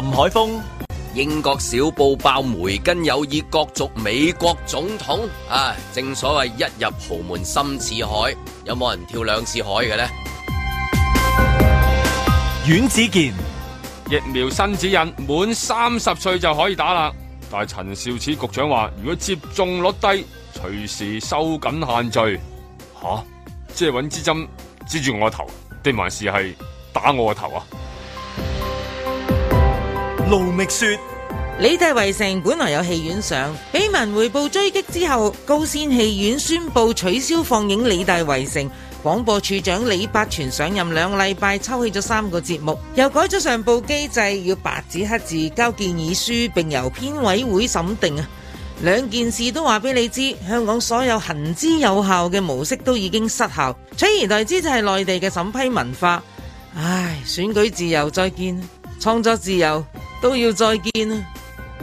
林海峰，英國小報爆梅根有意角逐美國總統。啊，正所謂一入豪門深似海，有冇人跳兩次海嘅呢？阮子健，疫苗新指引，滿三十歲就可以打啦。但係陳肇始局長話，如果接種率低，隨時收緊限聚。吓、啊，即係搵支針支住我頭，定還是係打我個頭啊？盧覓雪，理大圍城本來有戲院上，俾文匯報追擊之後，高先戲院宣布取消放映理大圍城。廣播處長李百全上任兩禮拜，抽起咗三個節目，又改咗上報機制，要白紙黑字交建議書，並由編委會審定啊！兩件事都話俾你知，香港所有行之有效嘅模式都已經失效。取而代之就係內地嘅審批文化。唉，選舉自由再見。創作自由都要再見啊！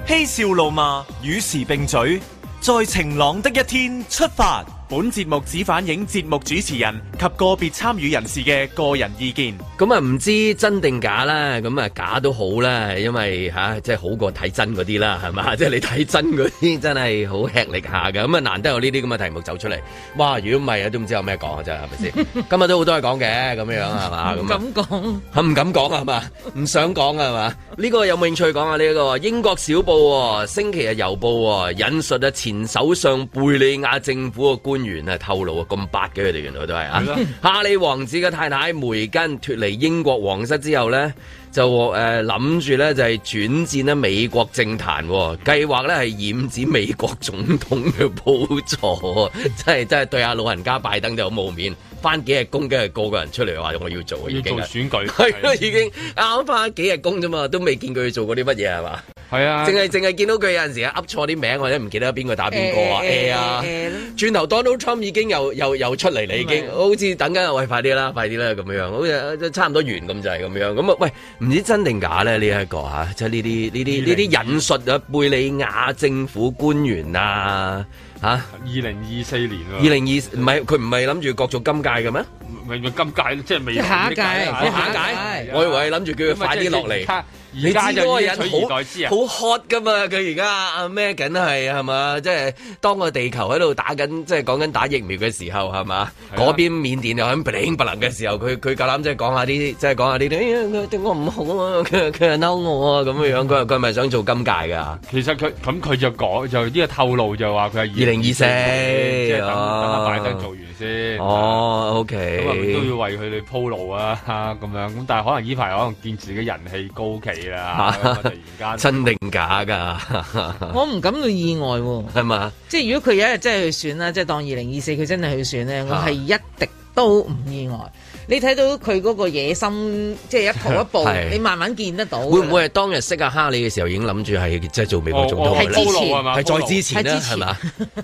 嬉笑怒罵與時並進，在晴朗的一天出發。本節目只反映節目主持人及個別參與人士嘅個人意見。咁啊，唔知真定假啦。咁啊，假都好啦，因為吓、啊、即係好過睇真嗰啲啦，係嘛？即係你睇真嗰啲真係好吃力下噶。咁啊，難得有呢啲咁嘅題目走出嚟。哇！如果唔係，我都唔知有咩講啊，真係咪先？ 今日都好多嘢講嘅，咁樣 樣係嘛？咁敢講？唔 敢講係嘛？唔想講係嘛？呢 個有冇興趣講啊？呢、這個英國小報、哦、星期日郵報、哦、引述啊前首相貝利亞政府嘅官。原係透露啊，咁白嘅佢哋原來都係啊，哈利王子嘅太，太太梅根脫離英國皇室之後咧，就誒諗住咧就係、是、轉戰呢美國政壇，計劃咧係染指美國總統嘅寶座，真係真係對阿老人家拜登就好冇面，翻幾日工，梗係個個人出嚟話我要做的，要做選舉，係啦，已經啱翻幾日工啫嘛，都未見佢做過啲乜嘢係嘛。係啊，淨係淨係見到佢有陣時啊噏錯啲名，或者唔記得邊個打邊個啊？誒、欸欸、啊，轉、欸啊、頭 Donald Trump 已經又又又出嚟啦，已經好似等緊我，喂，快啲啦，快啲啦，咁樣好似差唔多完咁就係咁樣，咁啊，喂，唔知真定假咧？呢、這、一個吓、啊，即係呢啲呢啲呢啲引述啊，貝利亞政府官員啊，吓、啊，二零二四年喎，二零二唔係佢唔係諗住角逐今屆嘅咩？唔係咪今屆即係未下一屆？下一屆、啊？我以為諗住叫佢快啲落嚟。你知嗰個人好好 hot 噶嘛？佢而家啊咩緊係係嘛？即係當個地球喺度打緊，即係講緊打疫苗嘅時候係嘛？嗰、啊、邊緬甸又喺不應不諒嘅時候，佢佢夠膽即係講下啲，即係講下啲，佢、哎、對我唔好啊！佢佢又嬲我啊！咁、嗯、嘅樣，樣，佢佢咪想做今屆噶？其實佢咁佢就講就呢個透露就他2024 2024、啊就，就話佢係二零二四，即係等等阿拜登做完。先哦、嗯、，OK，咁都要為佢哋鋪路啊，咁樣咁，但係可能呢排可能見自己人氣高企啦， 突然間真定假㗎？ 我唔感到意外喎、啊，係嘛？即係如果佢有一日真係去選啦，即、就、係、是、當二零二四佢真係去選咧，我係一滴都唔意外。 你睇到佢嗰個野心，即係一步一步，你慢慢見得到。會唔會係當日識阿哈利嘅時候已經諗住係即係做美國總統的？係、哦哦哦、之前，係再之前啦，係嘛？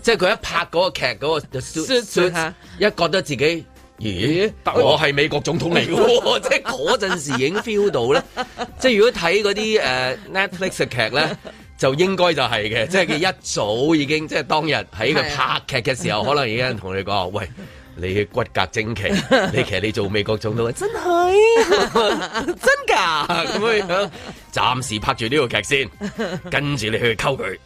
即係佢一拍嗰個劇嗰、嗰個一覺得自己咦，我係美國總統嚟嘅，哎、 即係嗰陣時已經 feel 到咧。 即係如果睇嗰啲誒 Netflix 嘅劇咧，就應該就係嘅，即係佢一早已經即係當日喺佢拍劇嘅時候，啊、可能已經同你講喂。你嘅骨骼精奇，你其實你做美國總統， 真係 真噶咁樣暫時拍住呢個劇先，跟住你去溝佢，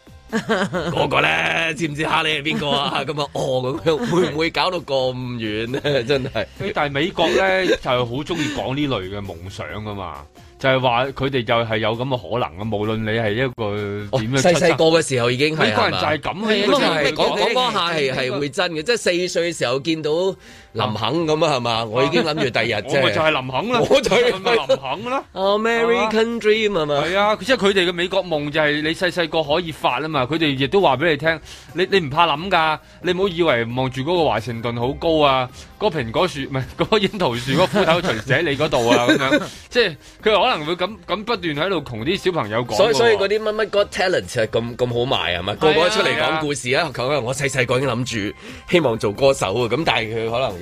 嗰個咧知唔知哈利係邊個啊？咁？啊哦，咁樣會唔會搞到咁遠咧？真係， 但係美國咧就係好中意講呢類嘅夢想噶嘛。就係話佢哋就係有咁嘅可能啊。無論你係一個點樣出生，細細個嘅時候已經係，呢個人就係咁嘅嘢，講講嗰下係係會真嘅，即係四歲嘅時候見到。林肯咁啊，係嘛？我已經諗住第二日啫。 我就係林肯啦，我 就係林肯啦。American Dream 啊嘛，係 是吧 啊，即係佢哋嘅美國夢就係你細細個可以發啊嘛。佢哋亦都話俾你聽，你你唔怕諗㗎？你唔好以為望住嗰個華盛頓好高啊，嗰蘋果樹唔係嗰個櫻桃樹嗰斧頭錘喺你嗰度啊咁樣。即係佢可能會咁咁不斷喺度同啲小朋友講。所以嗰啲乜乜 talent 係咁咁好賣係咪？個個都出嚟講故事啊！講、啊、我細細個已經諗住希望做歌手啊！咁但係佢可能。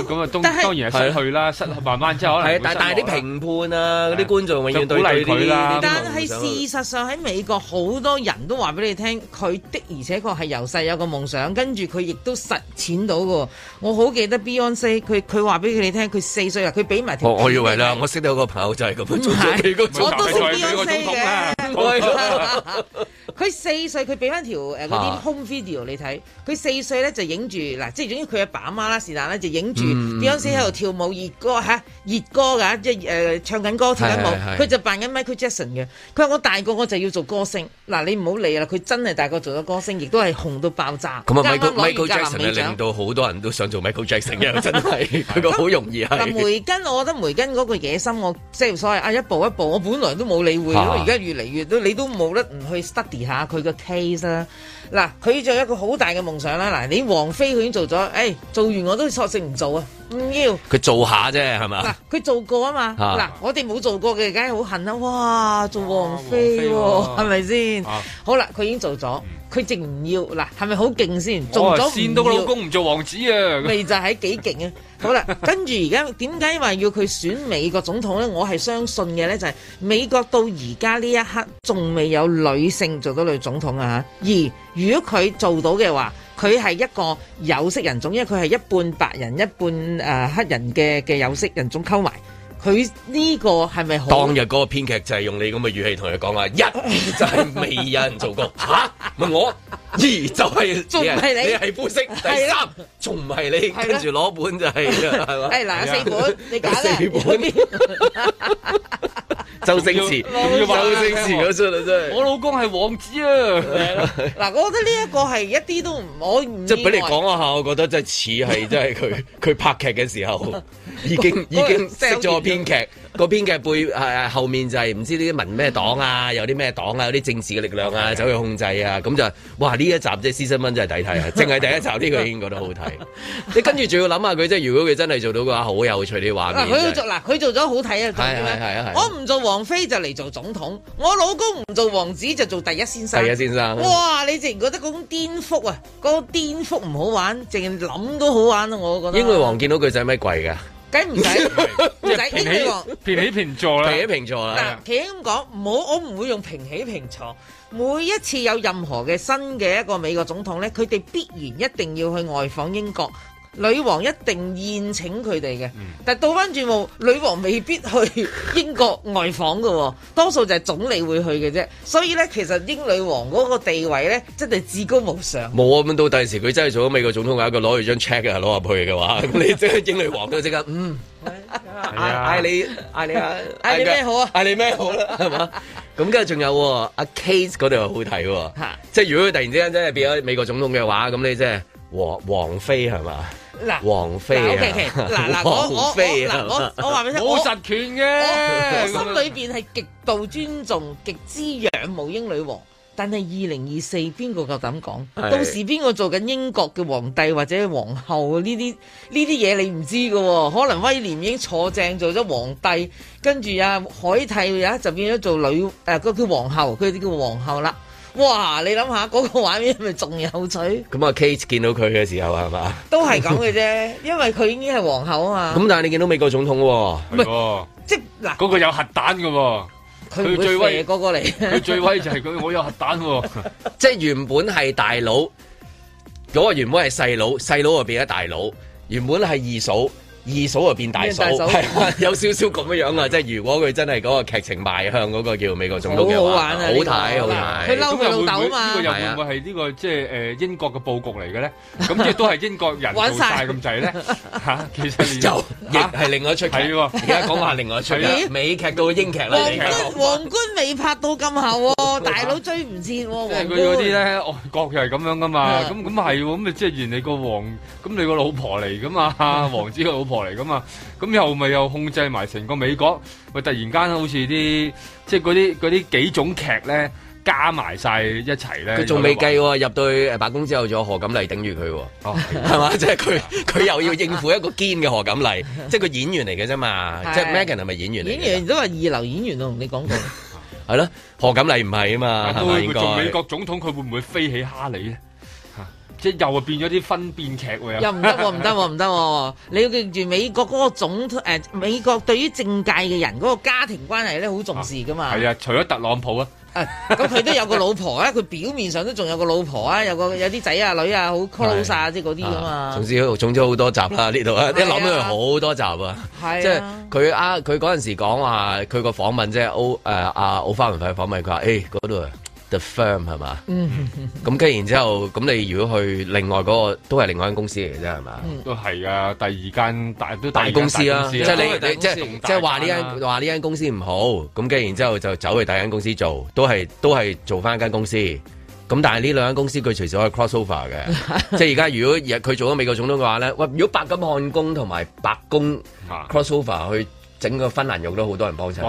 咁、哦、啊，當然係失去啦、啊，失了慢慢之後可能是、啊。但係啲評判啊，嗰啲、啊、觀眾永遠要對對鼓勵佢啦。但係事實上喺美國好多人都話俾你聽，佢的而且確係由細有個夢想， 跟住佢亦都實踐到嘅。我好記得 Beyonce，佢佢話俾佢哋聽，佢四歲啊，佢俾埋條我。我以為啦，我識到個朋友咁樣。唔係、那個那個，我都識 Beyonce 嘅。佢、那個啊啊、 四歲，佢俾翻條誒嗰啲 home、啊、video 你睇。佢四歲咧就影住嗱，即係總之佢阿爸阿媽啦，是但啦就影。點嗰時喺度跳舞熱歌吓熱歌噶，即係誒唱緊歌跳緊舞，佢就扮緊 Michael Jackson 嘅。佢話我大個我就要做歌星。嗱，你唔好理啦，佢真係大個做咗歌星，亦都係紅到爆炸。咁啊，Michael Jackson 令到好多人都想做 Michael Jackson 嘅，真係佢 個好容易。但梅根，我覺得梅根嗰個野心，我即係所謂啊，一步一步，我本來都冇理會，因為而家越嚟越都你都冇得唔去 study 下佢個 case 啦。嗱，佢就有一個好大嘅夢想啦！嗱，你王菲佢已經做咗，誒、哎，做完我都索性唔做啊！唔要佢做下啫，係咪？嗱，佢做過啊嘛。嗱、啊，我哋冇做過嘅，梗係好恨啊哇，做王妃喎、啊，係咪先？好啦，佢已經做咗，佢直唔要嗱，係咪好勁先？做咗到個老公唔做王子啊？未就係幾勁啊？ 好啦，跟住而家點解話要佢選美國總統咧？我係相信嘅咧，就係美國到而家呢一刻仲未有女性做到女總統啊！吓，而如果佢做到嘅話。佢係一個有色人種，因為佢係一半白人、一半誒黑人嘅嘅有色人種溝埋，佢呢個係咪好？當日嗰個編劇就係用你咁嘅語氣同佢講啊？一就係 未有人做過吓、啊？問我。咦，就係，你係灰色，第三仲唔係你，跟住攞本就係，係嘛？誒嗱，四本你搞四本周星馳，周星馳嗰出嚟真係，我老公係王子啊！嗱，我覺得呢一個係一啲都唔可以。即係俾你講一下，我覺得真係似係，真係佢佢拍劇嘅時候已經已經識咗編劇。嗰 邊嘅背係後面就係唔知啲民咩黨啊，有啲咩黨啊，有啲政治嘅力量啊，走去控制啊，咁就哇呢一集即係《私生賓》真係抵睇啊，淨係第一集呢個已經覺得好睇。 你跟住仲要諗下佢即係如果佢真係做到嘅話，好有趣啲畫面佢 做嗱，佢做咗好睇啊！係係 我唔做王妃就嚟做總統，我老公唔做王子就做第一先生。第一先生，哇！你自然覺得嗰種顛覆啊，嗰、嗰個顛覆唔好玩，淨係諗都好玩啊！我覺得。英女王見到佢仔咩乜鬼㗎？梗唔使，唔 使平起平坐啦，平起平坐啦。嗱，佢咁講，唔好，我唔會用平起平坐。每一次有任何嘅新嘅一個美國總統咧，佢哋必然一定要去外訪英國。女王一定宴請佢哋嘅，但係倒翻轉，女王未必去英國外訪喎，多數就係總理會去嘅啫。所以咧，其實英女王嗰個地位咧，真係至高無上。冇啊，咁到第時佢真係做咗美國總統，有一個攞住張 check 攞入去嘅話，咁 你即係英女王都即刻嗯，嗌、 啊啊啊、你嗌、啊、你啊，嗌、啊、你咩好啊，嗌、 啊、你咩好啦、啊，係 嘛？咁跟住仲有阿、啊、Case 嗰度又好睇、啊， 即係如果佢突然之間真係變咗美國總統嘅話，咁你即係。王王妃係嘛？嗱，王妃啊，嗱嗱，我我我我話俾你聽，冇實權嘅，我心裏邊係極度尊重、極之仰慕英女王。但係二零二四邊個夠膽講？到時邊個做緊英國嘅皇帝或者皇后呢啲呢啲嘢你唔知㗎？可能威廉已經坐正做咗皇帝，跟住阿海蒂啊就變咗做女誒，佢、呃、叫皇后，佢哋叫皇后啦。哇！你諗下嗰個畫面係咪仲有趣？咁啊，Kate 見到佢嘅時候係 嘛？都係咁嘅啫，因為佢已經係皇后啊嘛。咁但係你見到美國總統喎、哦，唔 係、哦、即嗱，嗰、嗰個有核彈嘅、哦，佢最威、嗰個嚟，佢 最威就係佢我有核彈、哦， 即係原本係大佬，嗰、嗰個原本係細佬，細佬就變咗大佬，原本係二嫂。二嫂就變大嫂，係啊，有少少咁樣啊！即係如果佢真係嗰個劇情邁向嗰個叫美國總統嘅話，好玩啊，好睇、好睇。佢嬲佢老豆啊嘛！咁又會唔會係呢個即係誒英國嘅布局嚟嘅咧？咁亦都係英國人玩晒咁滯咧吓？其實又吓，係另外一出戲係喎，而家講下另外一出美劇到英劇啦，皇冠、皇冠未拍到咁後，大佬追唔切。即係佢嗰啲咧，外國又係咁樣噶嘛？咁咁係咁咪即係原嚟個王咁你個老婆嚟噶嘛？王子個老婆。嚟噶嘛，咁又咪又控制埋成個美國，咪突然間好似啲即係嗰啲啲幾種劇咧加埋晒一齊咧，佢仲未計入到白宮之後，仲有何錦麗頂住佢，係、啊、嘛， 即係佢佢又要應付一個堅嘅何錦麗， 即係個演員嚟嘅啫嘛， 即係 Megan 係咪演員嚟嘅？演員都係二流演員同、啊、你講過係咯，何錦麗唔係啊嘛，會做美國總統，佢會唔會飛起哈利咧？即又變咗啲婚變劇喎，啊、又、啊，唔得喎，唔得喎，唔得喎！你要記住美國嗰個總美國對於政界嘅人嗰個家庭關係咧，好重視噶嘛。係啊，啊，除咗特朗普啊，咁佢都有個老婆啊，佢表面上都仲有個老婆啊，有個有啲仔啊女啊，好、啊、close 啊，即嗰啲啊嘛。總之，總之好多集啦呢度啊，一諗佢好多集啊，即係佢啊，佢嗰陣時講話，佢、啊、個訪問即係奧誒阿奧花雲費訪問佢話，哎，嗰、欸、度。The firm 係嘛？嗯，咁跟然之後，咁你如果去另外嗰、嗰個都係另外間公司嚟嘅啫係嘛？都係啊，第二間大都間大公司啊。司啊即係你，你即係、啊、即係話呢間話呢間公司唔好，咁跟然之後就走去第二間公司做，都係都係做翻間公司。咁但係呢兩間公司佢隨時可以 cross over 嘅。 即係而家如果佢做咗美國總統嘅話咧，喂，如果白金漢宮同埋白宮 cross over 去 整個芬蘭用都好多人幫襯，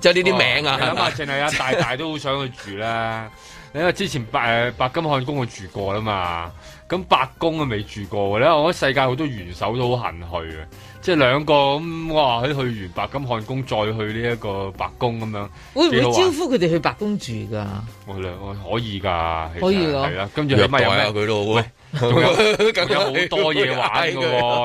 即係呢啲名啊！諗下淨係阿大大都好想去住啦、啊，因為之前白誒、呃、白金漢宮佢住過啦嘛，咁白宮佢未住過㗎咧。我覺得世界好多元首都好行去啊。即係兩個咁、嗯、哇，佢去完白金漢宮再去呢一個白宮咁樣，會唔會招呼佢哋去白宮住㗎？可以我可以噶，係啦，跟住咁咪有佢咯？仲、啊、有仲有好多嘢玩嘅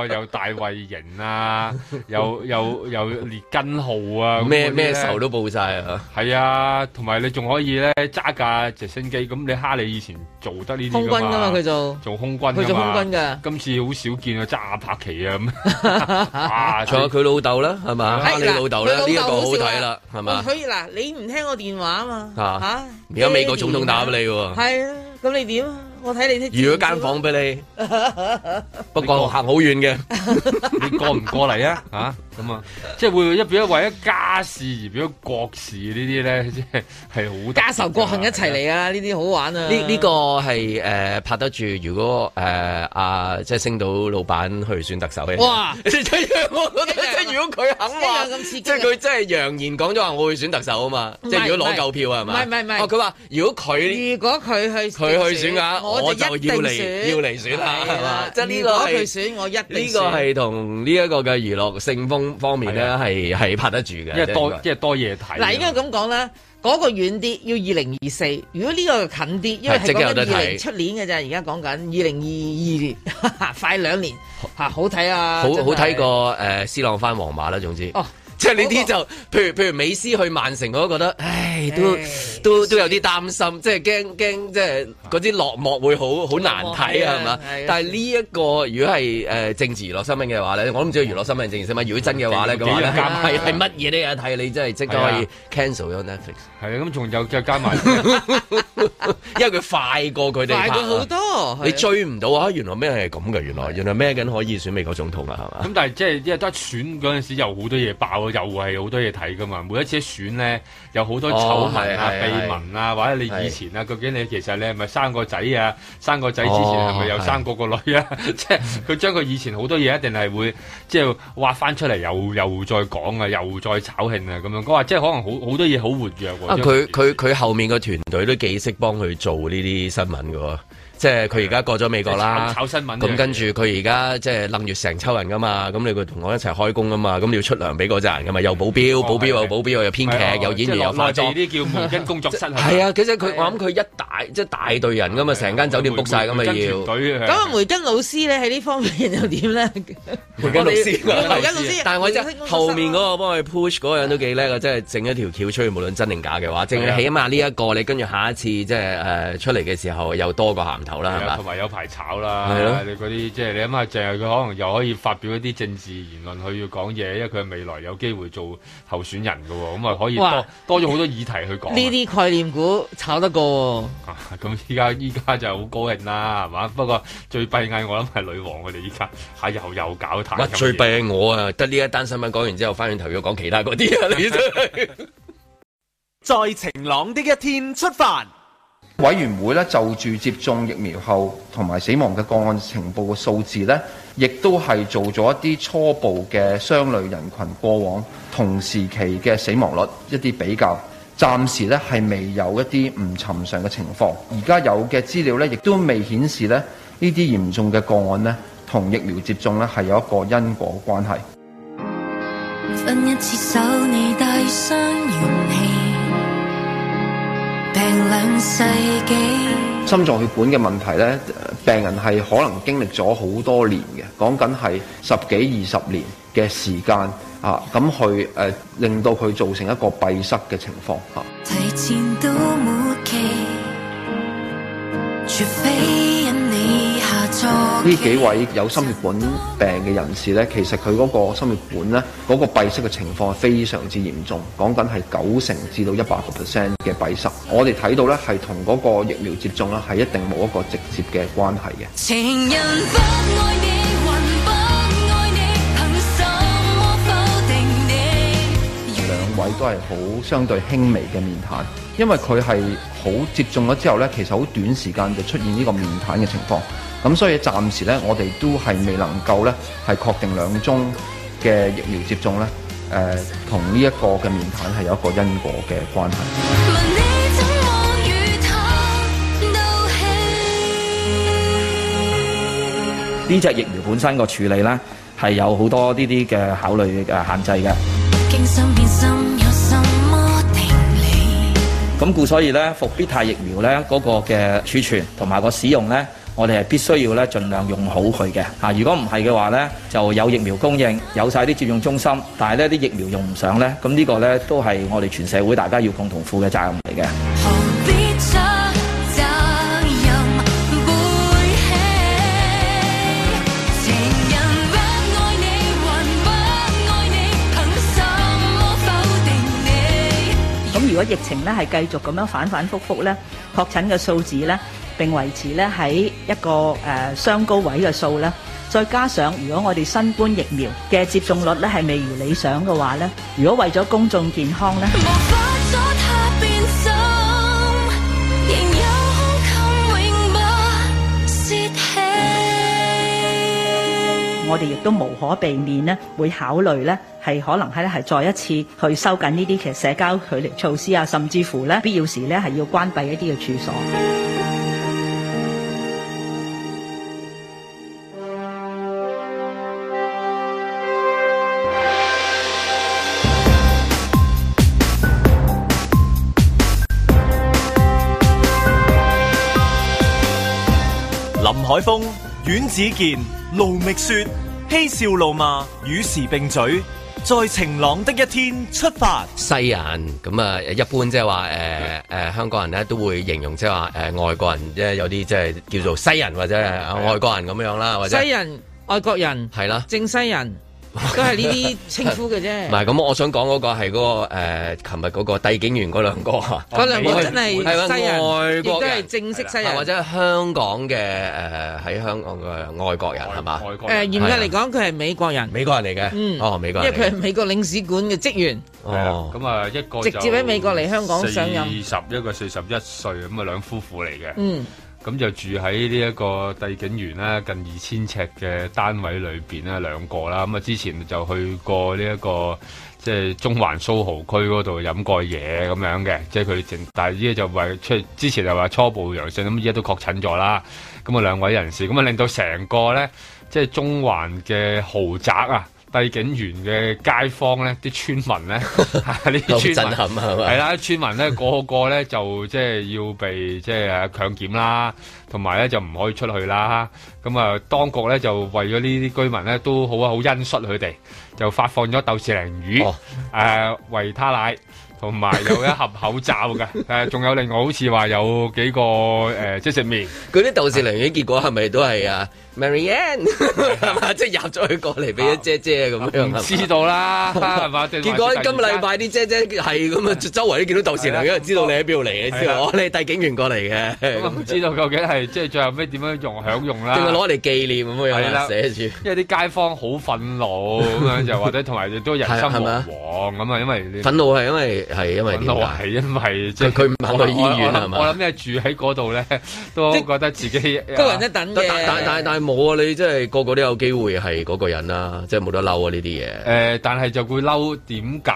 喎，又 大衛營啊，有又又列根號啊，咩咩仇都報晒啊！係啊，同埋你仲可以咧揸架直升機。咁你哈利以前做得呢啲噶嘛？空軍啊嘛，佢做做空軍，佢做空軍嘅。今次好少見 啊，揸阿柏奇啊咁、這個。啊，仲有佢老豆啦，係咪？哈利老豆啦，呢個好睇啦，係可以嗱，你唔聽我電話啊嘛？吓、啊啊美國總統打俾你喎，係啊，咁你點啊？我睇你啲，如果間房俾你， 不過行好遠嘅，你過唔 過嚟啊？吓、啊？咁啊，即係會一變一為一家事而變一國事這些，呢啲咧，即係係好家仇國恨一齊嚟啊！呢啲、啊、好玩啊！呢呢、這個係誒、呃、拍得住，如果誒阿、呃啊、即係星島老闆，去選特首嘅哇， 即如果佢肯，這個啊、即係佢真係揚言講咗話，我會選特首啊嘛，即係如果攞夠票不是是不是不是不是啊嘛，唔係唔係唔係，佢話如果佢如果佢去佢去選，去選，我，就一定選我就要嚟要嚟選下，係嘛、啊啊啊啊啊？即係呢個係我去選，我一定選呢、這個係同呢一個嘅娛樂性豐，性風方面咧，係係拍得住嘅，因為多即係多嘢睇。嗱，應該咁講啦，嗰個遠啲，要二零二四。如果呢個近啲，因為係講緊二零出年嘅咋，而家講緊二零二二年， 快兩年嚇，好睇啊，好好睇過誒、呃，斯浪返皇馬啦，總之。哦即係呢啲就、哦，譬如譬如美斯去曼城我都覺得，唉，都都都有啲擔心，即係驚驚，即係嗰啲落幕會好好難睇啊，係嘛、啊？但係呢一個如果係誒政治娛樂新聞嘅話咧，我都唔知道娛樂新聞定政治新聞。如果真嘅話咧，咁啊係乜嘢咧啊？睇你，你真係即刻可以 cancel 咗 Netflix。係啊，咁仲、啊、有再加埋， 因為佢快過佢哋快過好多，你追唔到啊！原來咩係咁嘅？原來原來咩緊可以選美國總統啊？係嘛？咁但係即係一得選嗰陣時，又好多嘢爆。又係好多嘢睇㗎嘛，每一次選選咧，有好多醜聞啊、哦、是是是秘聞啊，是是或者你以前啊，究竟你其實你係咪生個仔啊？生個仔之前係咪又生過個女啊？即係佢將佢以前好多嘢一定係會即係、就是、挖翻出嚟，又又再講啊，又再炒興啊，咁樣。我話即係可能好好多嘢好活躍、啊。喎、啊。佢佢佢後面個團隊都幾識幫佢做呢啲新聞㗎喎。即係佢而家過咗美國啦，咁炒新聞。咁跟住佢而家即係楞住成抽人噶嘛，咁你佢同我一齊開工噶嘛，咁你要出糧俾嗰人噶嘛，又保鏢，哦、保鏢保鏢又保鏢又編劇又演員又化妝，啲叫梅根工作室。係啊，其實佢我諗佢一大即係大隊人噶嘛，成間酒店 book 曬咁啊要。咁阿梅根老師咧喺呢方面又點咧？梅根老師， 梅根老師。但係我真係後面嗰個幫佢 push 嗰個人都幾叻嘅，真係整一條橋出去，無論真定假嘅話，整起碼呢一個你跟住下一次即係誒出嚟嘅時候又多個行頭。同埋有排炒啦，你嗰啲即係你諗下，淨係佢可能又可以發表一啲政治言論，佢要講嘢，因為佢未來有機會做候選人噶，咁啊可以多多咗好多議題去講。呢啲概念股炒得過？咁依家依家就好高興啦，係嘛？不過最閉翳我諗係女王，我哋依家吓又又搞。最閉翳係我啊，得呢一單新聞講完之後，翻轉頭要講其他嗰啲，啊。你真 在晴朗的一天出發。委員會咧，就住接種疫苗後同埋死亡嘅個案情報嘅數字呢，亦都係做咗一啲初步嘅相類人群過往同時期嘅死亡率一啲比較，暫時呢係未有一啲唔尋常嘅情況。而家有嘅資料呢，亦都未顯示咧呢啲嚴重嘅個案呢同疫苗接種呢係有一個因果關係。分一次手心臟血管嘅問題呢，病人係可能經歷咗好多年嘅，講緊係十幾二十年嘅時間啊，咁去誒、啊、令到佢造成一個閉塞嘅情況啊。呢幾位有心血管病嘅人士呢，其實佢嗰個心血管呢，嗰個閉塞嘅情況係非常之嚴重，講緊係九成至到一百個 percent 嘅閉塞。我哋睇到呢，係同嗰個疫苗接種呢，係一定冇一個直接嘅關係嘅。而兩位都係好相對輕微嘅面癱，因為佢係好接種咗之後呢，其實好短時間就出現呢個面癱嘅情況。咁所以暫時咧，我哋都係未能夠咧，係確定兩種嘅疫苗接種咧，誒同呢一個嘅面癱咧係有一個因果嘅關係。呢隻疫苗本身個處理咧係有好多呢啲嘅考慮，誒限制嘅。咁故所以咧，復必泰疫苗咧嗰個嘅儲存同埋個使用咧。我哋係必須要咧盡量用好佢嘅啊。如果唔係嘅話咧，就有疫苗供應，有晒啲接種中心，但係呢啲疫苗用唔上咧，咁呢個咧都係我哋全社會大家要共同負嘅責任嚟嘅。咁如果疫情咧係繼續咁樣反反复覆咧，確診嘅數字咧，並維持咧喺一個誒雙、呃、高位嘅數咧，再加上如果我哋新冠疫苗嘅接種率咧係未如理想嘅話咧，如果為咗公眾健康咧，我哋亦都無可避免咧會考慮咧係可能係係再一次去收緊呢啲嘅社交距離措施啊，甚至乎咧必要時咧係要關閉一啲嘅處所。海峰、阮子健，盧覓雪，嬉笑怒罵，與時並嘴，在晴朗的一天出發。西人咁啊，一般即係話誒誒，香港人咧都會形容即係話誒，外國人即係有啲即係叫做西人或者係外國人咁樣啦，或者西人、外國人係啦，正西人。都係呢啲稱呼嘅啫。唔 係，咁我想講嗰、那個係嗰、呃那個琴日嗰個帝景園嗰兩個啊。嗰、哦、兩個真係外國人，西人都係正式西人，或者香港嘅誒，喺、呃、香港嘅外國人係嘛？誒，嚴格嚟講，佢係美國人。美國人嚟嘅、嗯，哦，美國人。因為佢係美國領事館嘅職員。係咁啊一個直接喺美國嚟香港上任，二十一個四十一歲，咁啊兩夫婦嚟嘅，嗯。咁就住喺呢一個帝景園啦，近二千尺嘅單位裏面啦兩個啦，咁啊之前就去過呢一個即係中環蘇豪區嗰度飲過嘢咁樣嘅，即係佢正，但係依家就話出，之前就話初步陽性，咁依家都確診咗啦，咁啊兩位人士，咁啊令到成個咧即係中環嘅豪宅啊！帝景園嘅街坊咧，啲村民咧，啲村民係啦，村民咧個個咧就即係要被即係強檢啦，同埋咧就唔可以出去啦。咁啊，當局咧就為咗呢啲居民咧都好啊，好恩恤佢哋，就發放咗豆豉鯪魚、誒維他奶，同埋有一盒口罩嘅。誒，仲有另外好似話有幾個誒，即食麵。嗰啲豆豉鯪魚結果係咪都係啊？Maryanne 即係入咗佢、係嘛、過嚟俾咗姐姐咁樣，唔知道啦。結果今個禮拜啲姐姐係咁啊，周圍都見到杜時良，因為知道你喺邊度嚟嘅，知道我係帶警員過嚟嘅。咁、嗯、唔知道究竟係即係最後咩點樣用享用啦？定係攞嚟紀念咁樣？係啦，寫住。因為啲街坊好憤怒咁樣，又或者同埋都人心惶惶咁啊，因為憤怒係因為係因為點解？憤怒係因為即係佢唔去醫院係嘛？我諗咩住喺嗰度咧，都覺得自己高、啊、人一等。冇啊！你真係個個都有機會係嗰個人啦，即係冇得嬲啊！呢啲嘢，誒、呃，但係就會嬲，點解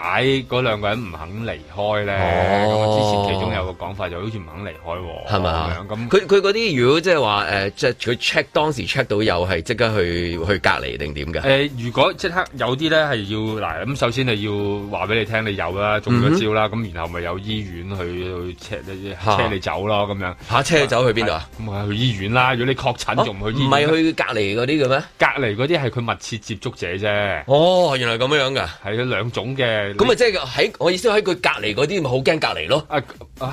嗰兩個人唔肯離開咧？咁、哦、我之前其中有個講法就好似唔肯離開、啊，係嘛咁？佢佢嗰啲如果即係話誒，即係佢 check 當時 check 到有係即刻去去隔離定點噶？誒、呃，如果即刻有啲咧係要嗱咁，首先係要話俾你聽你有啦，中咗招啦，咁、嗯嗯、然後咪有醫院去 check 車你走咯咁、啊、樣，下車走去邊度啊？咁啊，去，啊去醫院啦！如果你確診仲唔、啊、去醫院、啊？唔係佢隔籬嗰啲嘅咩？隔籬嗰啲係佢密切接觸者啫。哦，原來咁樣樣噶，係兩種嘅。咁啊，即係喺我意思喺佢隔籬嗰啲，咪好驚隔離咯。啊，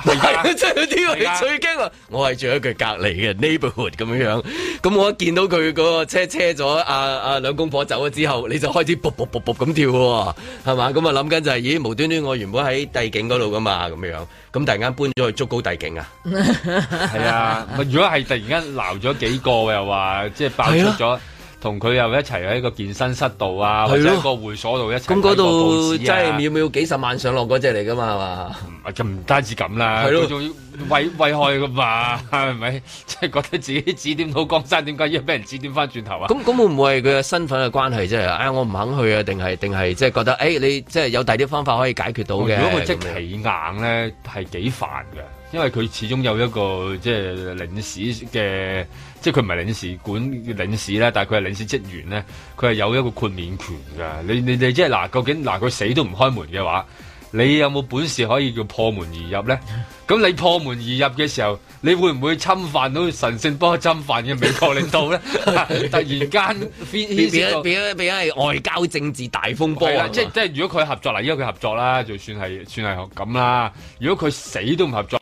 即係呢個最驚啊！我係住喺佢隔籬嘅 neighborhood 咁樣樣。咁我一見到佢嗰個車車咗，阿阿兩公婆走咗之後，你就開始卜卜卜卜咁跳喎、哦，係嘛？咁啊諗緊就係、就是，咦？無端端我原本喺帝景嗰度噶嘛，咁樣咁突然間搬咗去竹篙帝景啊？係 啊，如果係突然間鬧咗幾個又話。即係爆出咗，同佢又一齊喺個健身室度啊，或者一個會所度一齊、啊。咁嗰度真係要唔要幾十萬上落嗰隻嚟噶嘛？係 嘛？就唔單止咁啦，佢仲要威威害噶嘛？係咪？即係覺得自己指點到江山，點解要俾人指點翻轉頭啊？咁咁會唔會係佢嘅身份嘅關係啫？啊、哎，我唔肯去啊，定係定係即係覺得誒、哎，你即係有第啲方法可以解決到嘅？如果佢即係企硬咧，係幾煩噶，因為佢始終有一個即係領事嘅。即係佢唔係領事館領事咧，但係佢係領事職員咧，佢係有一個豁免權㗎。你你你即係嗱，究竟嗱佢、啊、死都唔開門嘅話，你有冇本事可以叫破門而入咧？咁 你破門而入嘅時候，你會唔會侵犯到神聖不可侵犯嘅美國領導咧？ 突然間變變咗變咗變係外交政治大風波。係 啊，即係即係如果佢合作嗱，而家佢合作啦，就算係算係咁啦。如果佢死都唔合作，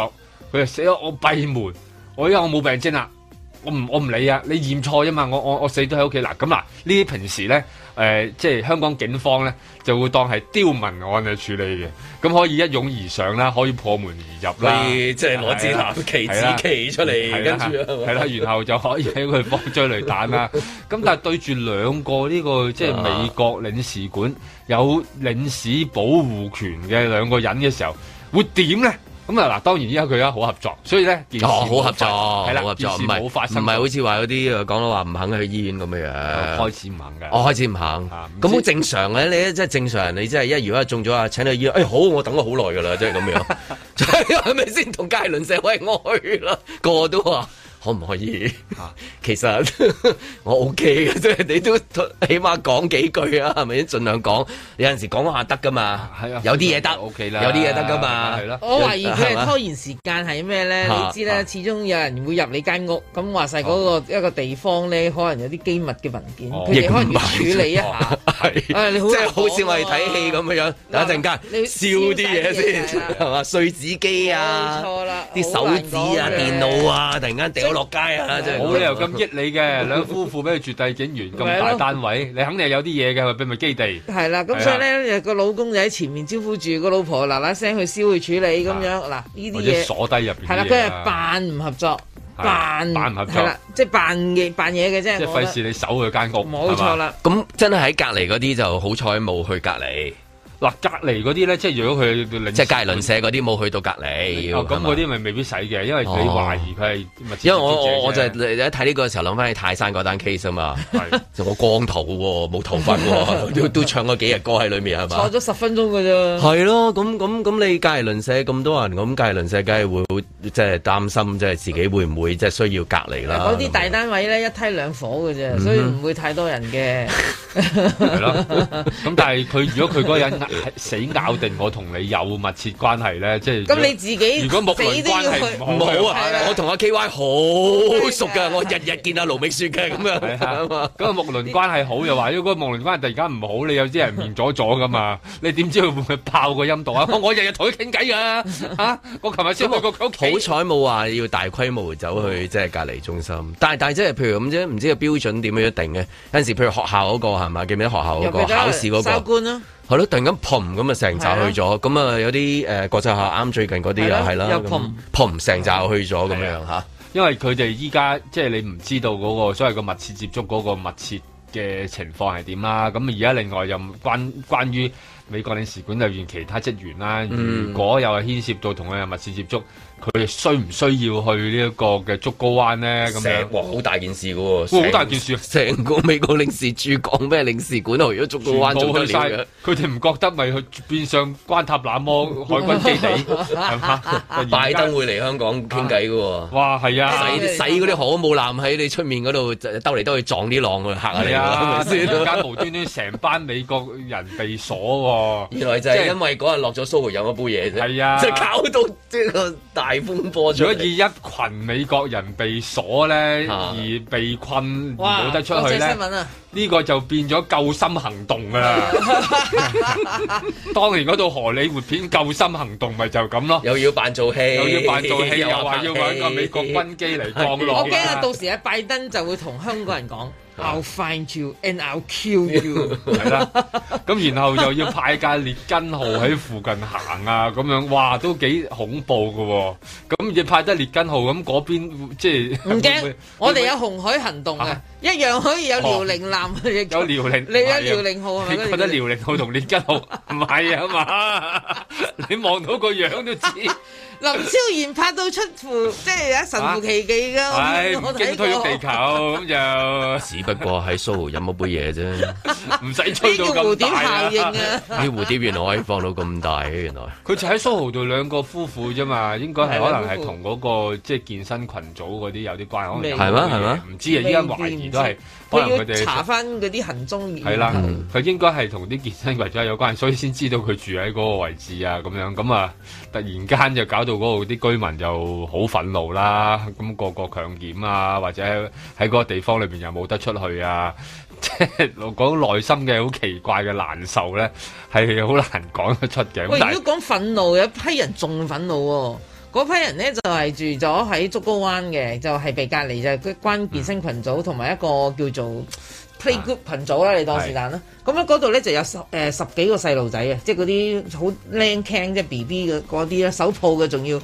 佢就死咗。我閉門，我而家我冇病徵啦。我唔我唔理啊！你驗錯啫嘛！我我我死都喺屋企嗱咁嗱，呢、啊、啲平時咧、呃、即係香港警方咧就會當係刁民案嚟處理嘅，咁可以一擁而上啦，可以破門而入啦，即係攞支藍旗子旗出嚟、啊、跟住、啊，係啦、啊啊 啊，然後就可以喺佢幫追雷彈啊！咁 但係對住兩個呢、呢個即係美國領事館有領事保護權嘅兩個人嘅時候，會點咧？咁啊嗱，當然依家佢而家好合作，所以咧件事好合作，係啦，合作唔係唔係好似話有啲講講到話唔肯去醫院咁樣，開始唔肯嘅，我開始唔肯，咁、啊、好正常嘅，你真係正常，你真係一如果中咗啊，請去醫院，誒、哎、好，我等咗好耐㗎啦，真係咁樣，係 咪 先同街鄰社喂我去啦，個都啊。可唔可以？啊、其實我 OK 嘅，即係你都起碼講幾句啊，係咪先？盡量講，你有陣時講下得噶嘛，啊。有啲嘢得，OK 啦。有啲嘢得噶嘛，我懷疑佢拖延時間係咩咧？你知啦、啊，始終有人會入你間屋，咁話晒嗰個、啊、一個地方咧，可能有啲機密嘅文件，佢、哦、哋可能處理一下。啊啊、你、就係、好，即係好似我哋睇戲咁樣等一陣間你燒啲嘢先，係嘛、啊？碎、啊、紙機啊，啲手指啊，電腦啊，突然間落街啊！真係冇理由咁益你嘅，兩 夫婦俾佢絕地警員咁大單位， 你肯定係有啲嘢嘅，秘密基地。係啦，咁所以咧，個老公就喺前面招呼住，個老婆嗱嗱聲去燒去處理咁樣。嗱，呢啲嘢鎖低入邊。係啦，佢係扮唔合作，扮唔合係啦，即係扮嘢，扮嘢嘅啫。即係費事你守佢間屋。冇錯啦。咁真係喺隔離嗰啲就好彩冇去隔離。嗱隔離嗰啲咧，即係如果佢即係隔籬鄰舍嗰啲冇去到隔離，咁嗰啲咪未必使嘅，因為你懷疑佢係因為我我,我就係一睇呢個時候諗返起泰山嗰單 case 啊嘛，就 我光頭喎、哦，冇頭髮喎，都唱咗幾日歌喺裏面係嘛？ 坐咗十分鐘㗎啫，係咯、啊，咁咁咁你隔籬鄰舍咁多人，咁隔籬鄰舍梗係會即係、就是、擔心，即、就、係、是、自己會唔會即係、就是、需要隔離啦？嗰 啲大單位咧一梯兩伙㗎啫，所以唔會太多人嘅。係 咯、 啊，咁但係佢如果佢嗰個人。死咬定我同你有密切關係咧，即係。咁你自己如果木輪關係唔好，好啊，我同阿 K Y 好熟噶，我日日、啊、見阿盧明雪嘅咁樣。咁啊、那個、木輪關係好又話，如果木輪關係突然間唔好，你有啲人面阻阻噶嘛？你點知佢會唔會爆個音度 啊，啊？我日日同佢傾偈噶，吓、 啊、我琴日先去佢屋企。好彩冇話要大規模走去即係、就是、隔離中心，但係但係即係譬如咁啫，唔知個標準點樣一定嘅？有陣時譬如學校嗰、那個係嘛，記唔記得學校嗰個考試嗰個？那個、收官啦、啊。係咯， 突然間砰咁啊，成紮去咗，咁啊有啲誒國際學校啱最近嗰啲又係啦，砰砰成紮去咗咁、啊、樣吓、啊、因為佢哋依家即係你唔知道嗰個所謂個密切接觸嗰個密切嘅情況係點啦，咁而家另外又關關於。美國領事館人員、其他職員啦，如果有係牽涉到同佢有密切接觸，佢需唔需要去呢個高呢一個嘅竹篙灣咧？咁，哇，好大件事嘅喎！好、哦、大件事，成個美國領事處講咩領事館，如果竹篙灣做啲咩，佢哋唔覺得咪去變相關塔那摩海軍基地？係咪啊？ 拜登會嚟香港傾偈嘅喎！哇，係啊！使啲航母艦喺你出面嗰度兜嚟兜去撞啲浪，嚇你係啊！ 突然間 無端端成班美國人被鎖喎！原來就係因為嗰日落咗蘇豪有一杯嘢啫，啊，即就是，搞到即係個大風波出嚟，如果以一群美國人被鎖咧，啊、而被困冇得出去咧，、呢，這個就變咗救心行動㗎喇！ 當年嗰套荷里活片《救心行動》咪就咁咯，又要扮做戲，又要扮做戲，又話要買個美國軍機嚟降落，啊。 我驚啊，到時阿拜登就會同香港人講。I'll find you and I'll kill you。 係啦，咁然後又要派架列根號喺附近行啊，咁樣哇都幾恐怖喎、哦。咁要派得列根號咁嗰邊即係唔驚，我哋 有紅海行動啊。一樣可以有遼寧男，有遼寧，你有遼寧號啊？你覺得遼寧號同列吉號唔係啊嘛？你望到個樣都知。林超賢拍到出乎，即係神乎其技噶。係驚退咗地球咁就，只不過喺蘇豪飲咗杯嘢啫，唔使吹到咁大啊！蝴蝶效應啊，啲蝴蝶原來可以放到咁大嘅，原來佢就喺蘇豪度兩個夫婦啫嘛，應該係可能係同嗰個即係健身群組嗰啲有啲關係，可能係啦係啦，唔知啊，依家懷疑。都係可能佢哋查翻嗰啲行蹤。係啦，佢應該係同啲健身器材有關，所以先知道佢住喺嗰個位置啊。咁樣咁啊，突然間就搞到嗰度啲居民就好憤怒啦。咁、那個個強檢啊，或者喺嗰個地方裏邊又冇得出去啊。即係講內心嘅好奇怪嘅難受咧，係好難講得出嘅。喂，如果講憤怒，有一批人仲憤怒喎、哦。嗰批人咧就係住咗喺竹篙灣嘅，就係、是就是、被隔離就佢、是、關健身群組同埋、嗯、一個叫做 Playgroup 羣組啦。你當時間啦，咁樣嗰度咧就有十誒、呃、十幾個細路仔啊，即係嗰啲好靚傾即係 BB 嘅嗰啲啦，手抱嘅仲要。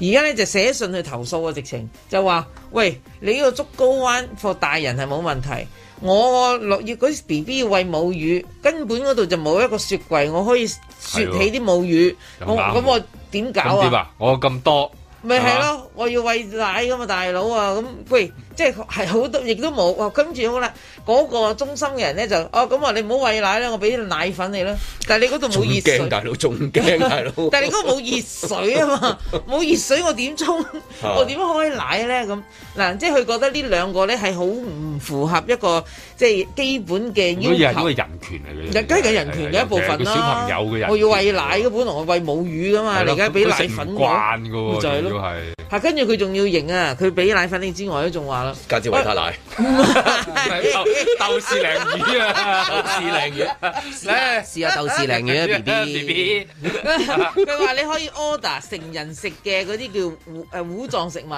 而家咧就寫信去投訴啊，直情就話：喂，你呢個竹篙灣放大人係冇問題，我落葉嗰啲 BB 要喂母乳，根本嗰度就冇一個雪櫃，我可以雪起啲母乳。咁我。點搞啊！我有咁多，咪係咯，我要餵奶㗎嘛，大佬啊，咁，喂，即係好多，亦都冇，跟住好啦。嗰、那個中心嘅人咧就哦咁話你唔好餵奶啦，我俾啲奶粉你啦。但係你嗰度冇熱水，大佬，仲驚大佬。 但係你嗰度冇熱水啊嘛，冇 熱水我點衝？我點、啊、開奶咧咁嗱？即係佢覺得呢兩個咧係好唔符合一個即係、就是、基本嘅要求。因為人權嚟嘅，梗係人權嘅一部分啦。分小朋友嘅人，我要餵奶嘅，啊、本來我餵母乳噶嘛，你而家俾奶粉，慣嘅喎，係係。係跟住佢仲要型啊！佢俾、啊、奶粉你之外，都仲話啦，加支維他奶。豆豉鯪魚啊！豆豉鯪魚，嚟試下豆豉鯪魚 B B。佢話你可以 order 成人食嘅嗰啲叫糊誒糊狀食物，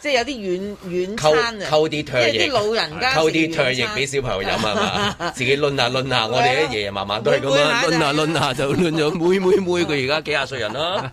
即係有啲軟軟餐啊，即係啲老人家。溝啲湯液俾小朋友飲啊嘛，自己攣下攣下，我哋啲爺爺嫲嫲都係咁樣，攣下攣下就攣咗，妹妹妹佢而家幾廿歲人啦。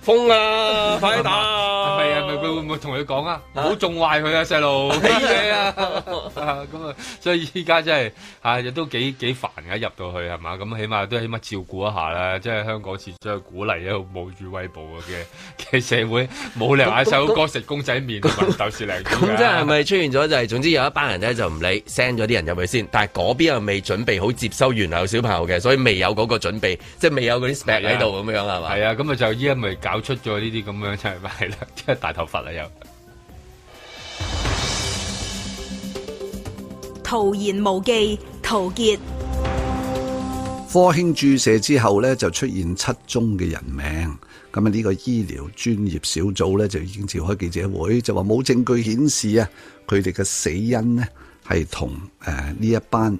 封啊！快啲打啊！係啊！咪佢會唔會同佢講啊？好縱壞佢啊，細路欺嘢啊！啊咁啊！所以依家真係啊，亦都幾幾煩噶，入到去係嘛？咁起碼都起碼照顧一下啦。即係香港持續喺度鼓勵，喺度保住威暴嘅嘅社會，冇理由嗌細佬哥食公仔麪同埋豆豉涼糕。咁即係咪出現咗？就係總之有一班人咧就唔理，send 咗啲人入去先。但係嗰邊又未準備好接收原來嘅小朋友嘅，所以未有嗰個準備，即係未有嗰啲 spec 喺度咁樣係嘛？係啊！咁啊就依家咪。搞出咗呢啲咁樣出嚟係啦，即係大頭發啦又。徒然無忌，陶傑科興注射之後咧，就出現七宗嘅人命。咁啊，呢個醫療專業小組咧就已經召開記者會，就話冇證據顯示啊，佢哋嘅死因咧係同誒呢一班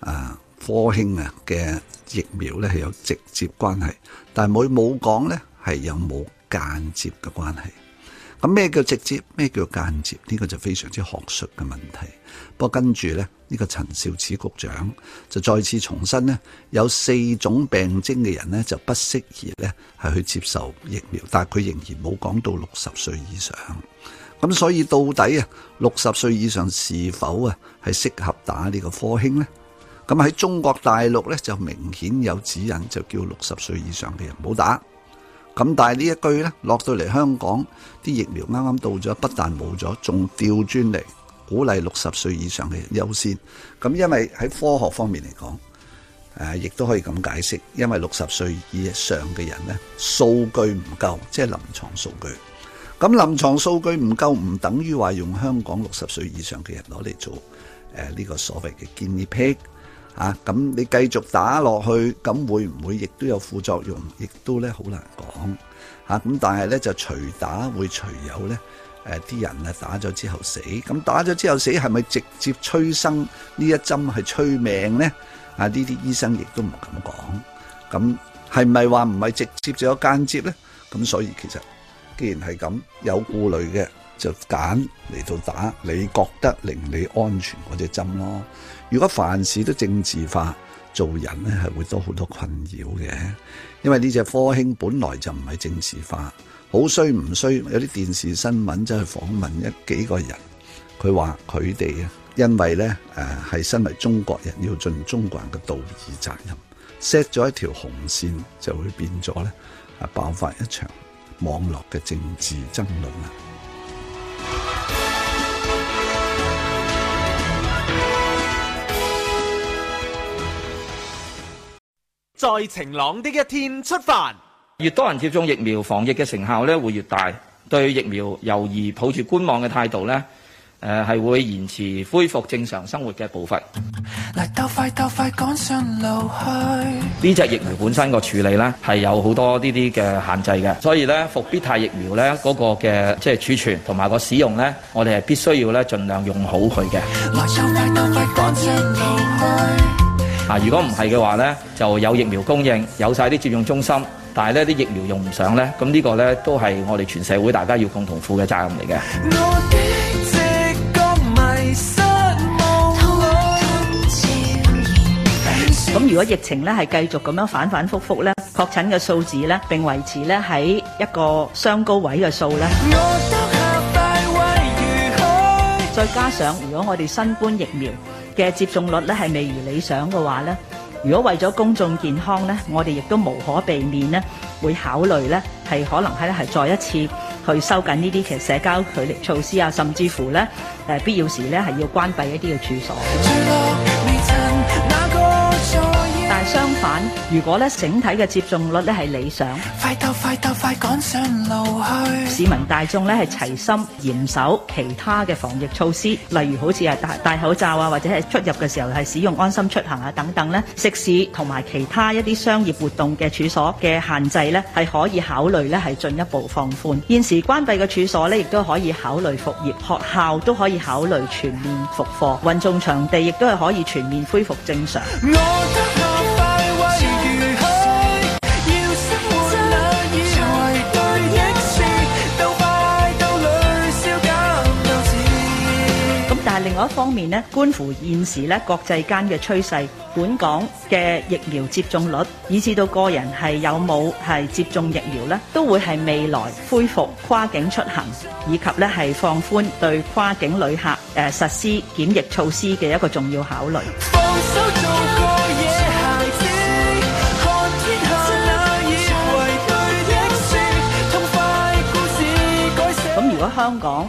啊科興啊嘅疫苗咧係有直接關係，但係冇冇講咧？係有冇間接嘅關係？咁咩叫直接？咩叫間接？呢個就非常之學術嘅問題。不過跟住呢呢個陳肇始局長就再次重申呢有四種病徵嘅人呢就不適宜呢係去接受疫苗。但佢仍然冇講到六十歲以上。咁所以到底啊，六十歲以上是否啊係適合打呢個科興呢？咁喺中國大陸呢，就明顯有指引，就叫六十歲以上嘅人冇打。咁但係呢一句咧，落到嚟香港啲疫苗啱啱到咗，不但冇咗，仲調轉嚟鼓勵六十歲以上嘅人優先。咁因為喺科學方面嚟講，誒，亦都可以咁解釋，因為六十歲以上嘅人咧，數據唔夠，即係臨床數據。咁臨床數據唔夠，唔等於話用香港六十歲以上嘅人攞嚟做誒呢個所謂嘅 guinea pig。啊，咁你繼續打落去，咁會唔會亦都有副作用？亦都咧好難講。咁、啊、但係咧就隨打會隨有咧，啲、啊、人啊打咗之後死，咁打咗之後死係咪直接催生呢一針係催命咧？啊，呢啲醫生亦都唔敢講。咁係咪話唔係直接就有間接咧？咁所以其實既然係咁有顧慮嘅。就揀嚟到打你覺得令你安全嗰隻針咯。如果凡事都政治化，做人呢係會多好多困擾嘅。因為呢隻科興本來就唔係政治化，好衰唔衰？有啲電視新聞走去訪問一幾個人，佢話佢哋呀，因為呢誒係身為中國人，要盡中國人嘅道義責任，set 咗一條紅線，就會變咗呢，啊，爆發一場網絡嘅政治爭論啊！在晴朗的一天出發，越多人接種疫苗，防疫嘅成效咧會越大。對疫苗猶豫，抱住觀望嘅態度咧，誒係會延遲恢復正常生活嘅步伐。嚟到快到快趕上路去。呢隻疫苗本身個處理咧係有好多呢啲嘅限制嘅，所以咧復必泰疫苗咧嗰個嘅即係儲存同埋個使用咧，我哋係必須要咧盡量用好佢嘅。來到快到快趕上路去。啊！如果唔係嘅話呢，就有疫苗供應，有曬啲接種中心，但係呢啲疫苗用唔上呢，咁呢個呢都係我哋全社會大家要共同負嘅責任嚟嘅。咁如果疫情呢係繼續咁樣反反覆覆呢，確診嘅數字呢並維持呢喺一個雙高位嘅數呢，再加上如果我哋新冠疫苗嘅接種率咧係未如理想嘅話咧，如果為咗公眾健康咧，我哋亦都無可避免咧，會考慮咧係可能係咧係再一次去收緊呢啲其實社交距離措施啊，甚至乎咧誒必要時咧係要關閉一啲嘅住所。反如果咧整體嘅接種率咧係理想快到快到快趕上路去，市民大眾咧係齊心嚴守其他嘅防疫措施，例如好似係戴戴口罩啊，或者係出入嘅時候係使用安心出行啊等等咧，食肆同埋其他一啲商業活動嘅處所嘅限制咧係可以考慮咧係進一步放寬，現時關閉嘅處所咧亦都可以考慮復業，學校都可以考慮全面復課，運動場地亦都係可以全面恢復正常。一方面呢關乎現時呢國際間嘅趨勢本港嘅疫苗接種率以至到個人係有冇係接種疫苗呢，都會係未來恢復跨境出行以及呢係放寬對跨境旅客誒實施檢疫措施嘅一個重要考慮放手做個野孩子看天下那以為對的事痛快故事改寫咁如果香港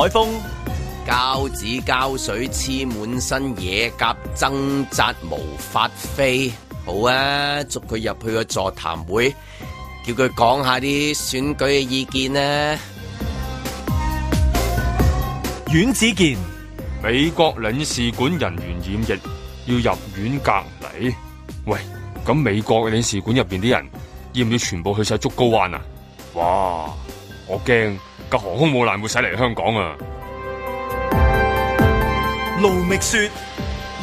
海風膠紙膠水黐滿身野甲，野鴿掙扎無法飛。好啊，捉佢入去個座談會，叫佢講下啲選舉嘅意見呢。阮子健，美國領事館人員染疫，要入院隔離。喂，咁美國嘅領事館入邊啲人，要唔要全部去晒竹篙灣啊？哇，我驚。個航空母艦會駛嚟香港啊！盧覓雪，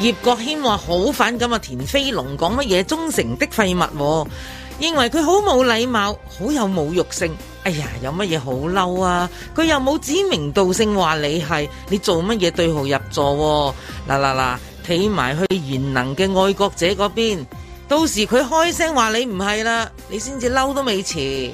葉國謙話好反感啊，田飛龍講乜嘢忠誠的廢物喎，認為佢好冇禮貌，好有侮辱性。哎呀，有乜嘢好嬲啊？佢又冇指名道姓話你係，你做乜嘢對號入座喎？嗱嗱嗱，企埋去賢能嘅愛國者嗰邊，到時佢開聲話你唔係啦，你先至嬲都未遲。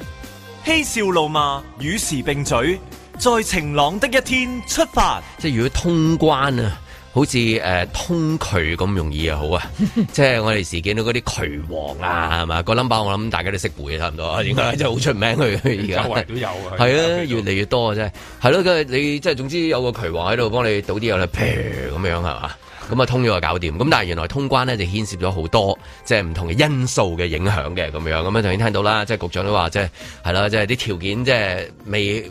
嬉笑怒罵，與時並進，在晴朗的一天出發。即係如果通關啊！好似誒、呃、通渠咁容易就好啊！ 即係我哋時見到嗰啲渠王啊，係嘛，個 number 我諗大家都識背差唔多，應該真係好出名佢而家。周圍都有啊。係、嗯、啊，越嚟越多啊！即係係咯，你即係總之有個渠王喺度幫你倒啲嘢啦，咁樣係嘛？咁啊通咗就搞掂。咁但係原來通關呢，就牽涉咗好多即係唔同嘅因素嘅影響嘅咁樣。咁啊頭先聽到啦，即係局長都話即係係啦，即係啲條件即係未。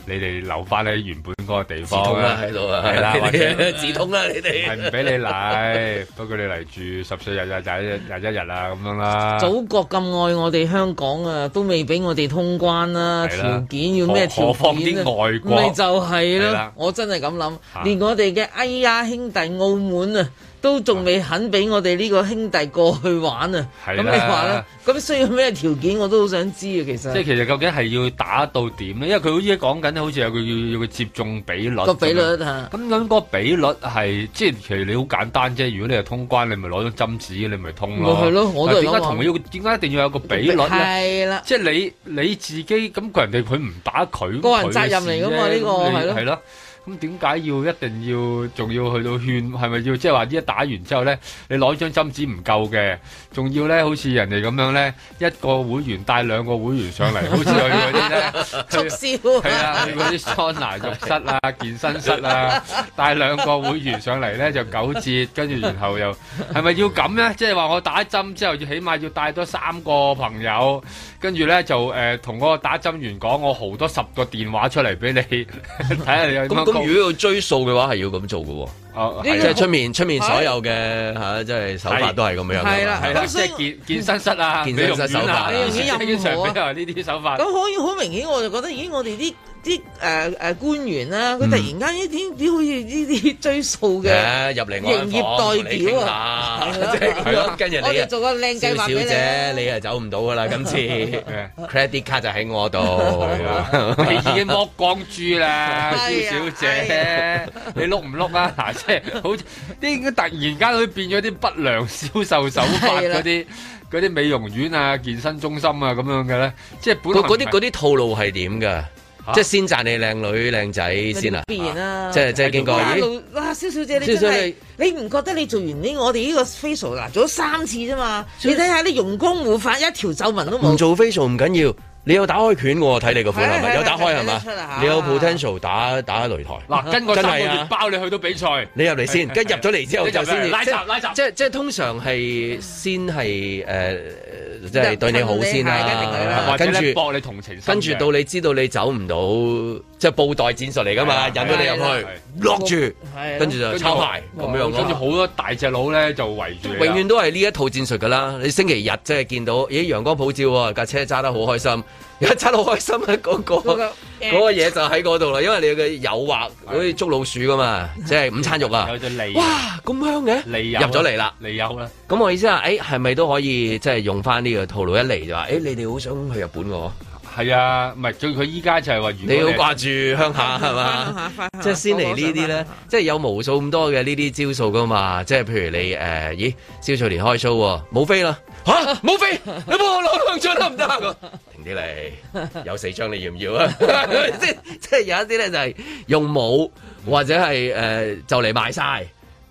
你哋留翻喺原本嗰個地方啊，喺度啊，係啦、啊，自通啦、啊，你哋係唔俾你嚟，不過你嚟 住十四日就就一日廿一日啦，咁樣啦、啊。祖國咁愛我哋香港啊，都未俾我哋通關啦、啊，條件要咩條件啊？何何況啲外國，咪就係咯、啊，我真係咁諗，連我哋嘅哎呀兄弟澳門啊。都仲未肯俾我哋呢個兄弟過去玩啊！咁你話啦，咁需要咩條件，我都好想知啊！其實即係，其實究竟係要打到點咧？因為佢好似講緊，好似有佢要要接種比率個比率吓，咁樣，個比率係即係其實你好簡單啫。如果你係通關，你咪攞咗針紙，你咪通咯。咪係咯，我都係咁講。點解要點解一定要有個比率咧？係啦，即係你你自己咁，個人哋佢唔打佢，個人責任嚟噶嘛？呢個係咯。咁點解要一定要仲要去到勸，係咪要即係話呢，一打完之後咧，你攞張針紙唔夠嘅，仲要咧好似人哋咁樣咧，一個會員帶兩個會員上嚟，好似去嗰啲咧，去笑係啊，去嗰啲桑拿浴室啊、健身室啊，帶兩個會員上嚟咧就九折，跟住然後又係咪要咁咧？即係話我打針之後要起碼要帶多三個朋友，跟住咧就誒同嗰個打針員講，我好多十個電話出嚟俾你睇下你有乜。如果要追溯嘅話，係要咁做嘅喎。即係出面出面所有嘅嚇，即係、啊就是、手法都係咁樣嘅。係啦係啦，即係、就是、健健身室啊、美容院啊、你任何啊呢啲手法。咁、啊、可以好明顯，我就覺得，咦，我哋啲。啲誒誒官員啦、啊，佢突然間呢啲好似呢啲追數嘅營業代表啊，即係跟住你做個靚計話你，小，小姐你係走唔到噶啦，今次 credit card 就喺我度，你已經剝光豬啦，蕭小，小姐，你碌唔碌啊？嗱，即 係、就是、好啲，突然間佢變咗啲不良銷售手法嗰啲啲美容院啊、健身中心啊咁樣嘅咧，即係本啲啲套路係點㗎？即係先讚你靚女靚仔先啦，即係、啊啊啊、即係見過。哇、啊，蕭、欸啊、小,小姐你真小，小姐你唔覺得你做完呢？我哋呢個 facial 嗱、啊、做咗三次啫嘛，你睇下你容光煥發一條皺紋都冇。唔做 facial 唔緊要，你有打開拳喎，睇你個款係咪有打開係嘛？你有 potential 打打擂台。嗱、啊啊，跟個三個月包你去到比賽，你入嚟先，跟入咗嚟之後就先拉集拉集。即係即係通常係先係誒。呃即係對你好先啦，一定係啦，跟住博你同情心，跟住到你知道你走唔到，即係布袋戰術嚟噶嘛，引咗你入去落住，跟住就抄牌咁樣，跟住好多大隻佬咧就圍住你，永遠都係呢一套戰術噶啦。你星期日即係見到咦陽光普照喎，架車揸得好開心。一餐好開心啊！嗰、那個嗰、那個嘢、那個、就喺嗰度啦，因為你嘅誘惑好似捉老鼠噶嘛，即係午餐肉啊！有隻脷哇，咁香嘅脷入咗嚟啦，脷有啦。咁我意思啊，誒係咪都可以即係用翻呢個套路一嚟就話，誒、欸、你哋好想去日本個？係啊，唔係佢佢依家就係話，你好掛住鄉下係 嘛？即係先嚟呢啲咧，即係有無數咁多嘅呢啲招數噶嘛？即係譬如你誒、呃，咦，蕭翠蓮開 show 冇飛啦。吓冇飛，你幫我攞兩張得唔得？停啲嚟，有四張你要唔要啊？ 即係有一啲咧就係、是、用武或者係誒、呃、就嚟賣晒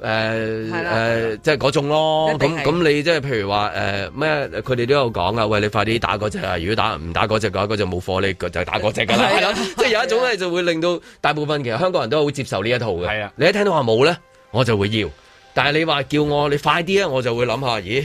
誒誒即係嗰種咯。咁 咁那 你即係譬如話誒咩？佢、呃、哋都有講啊。喂，你快啲打嗰隻啊！如果打唔打嗰隻嘅話，嗰隻冇貨，你就打嗰隻噶啦。 對啊、 即係有一種咧就會令到大部分其實香港人都好接受呢一套嘅。係啊，你一聽到話冇咧，我就會要。但係你話叫我你快啲啊，我就會諗下，咦？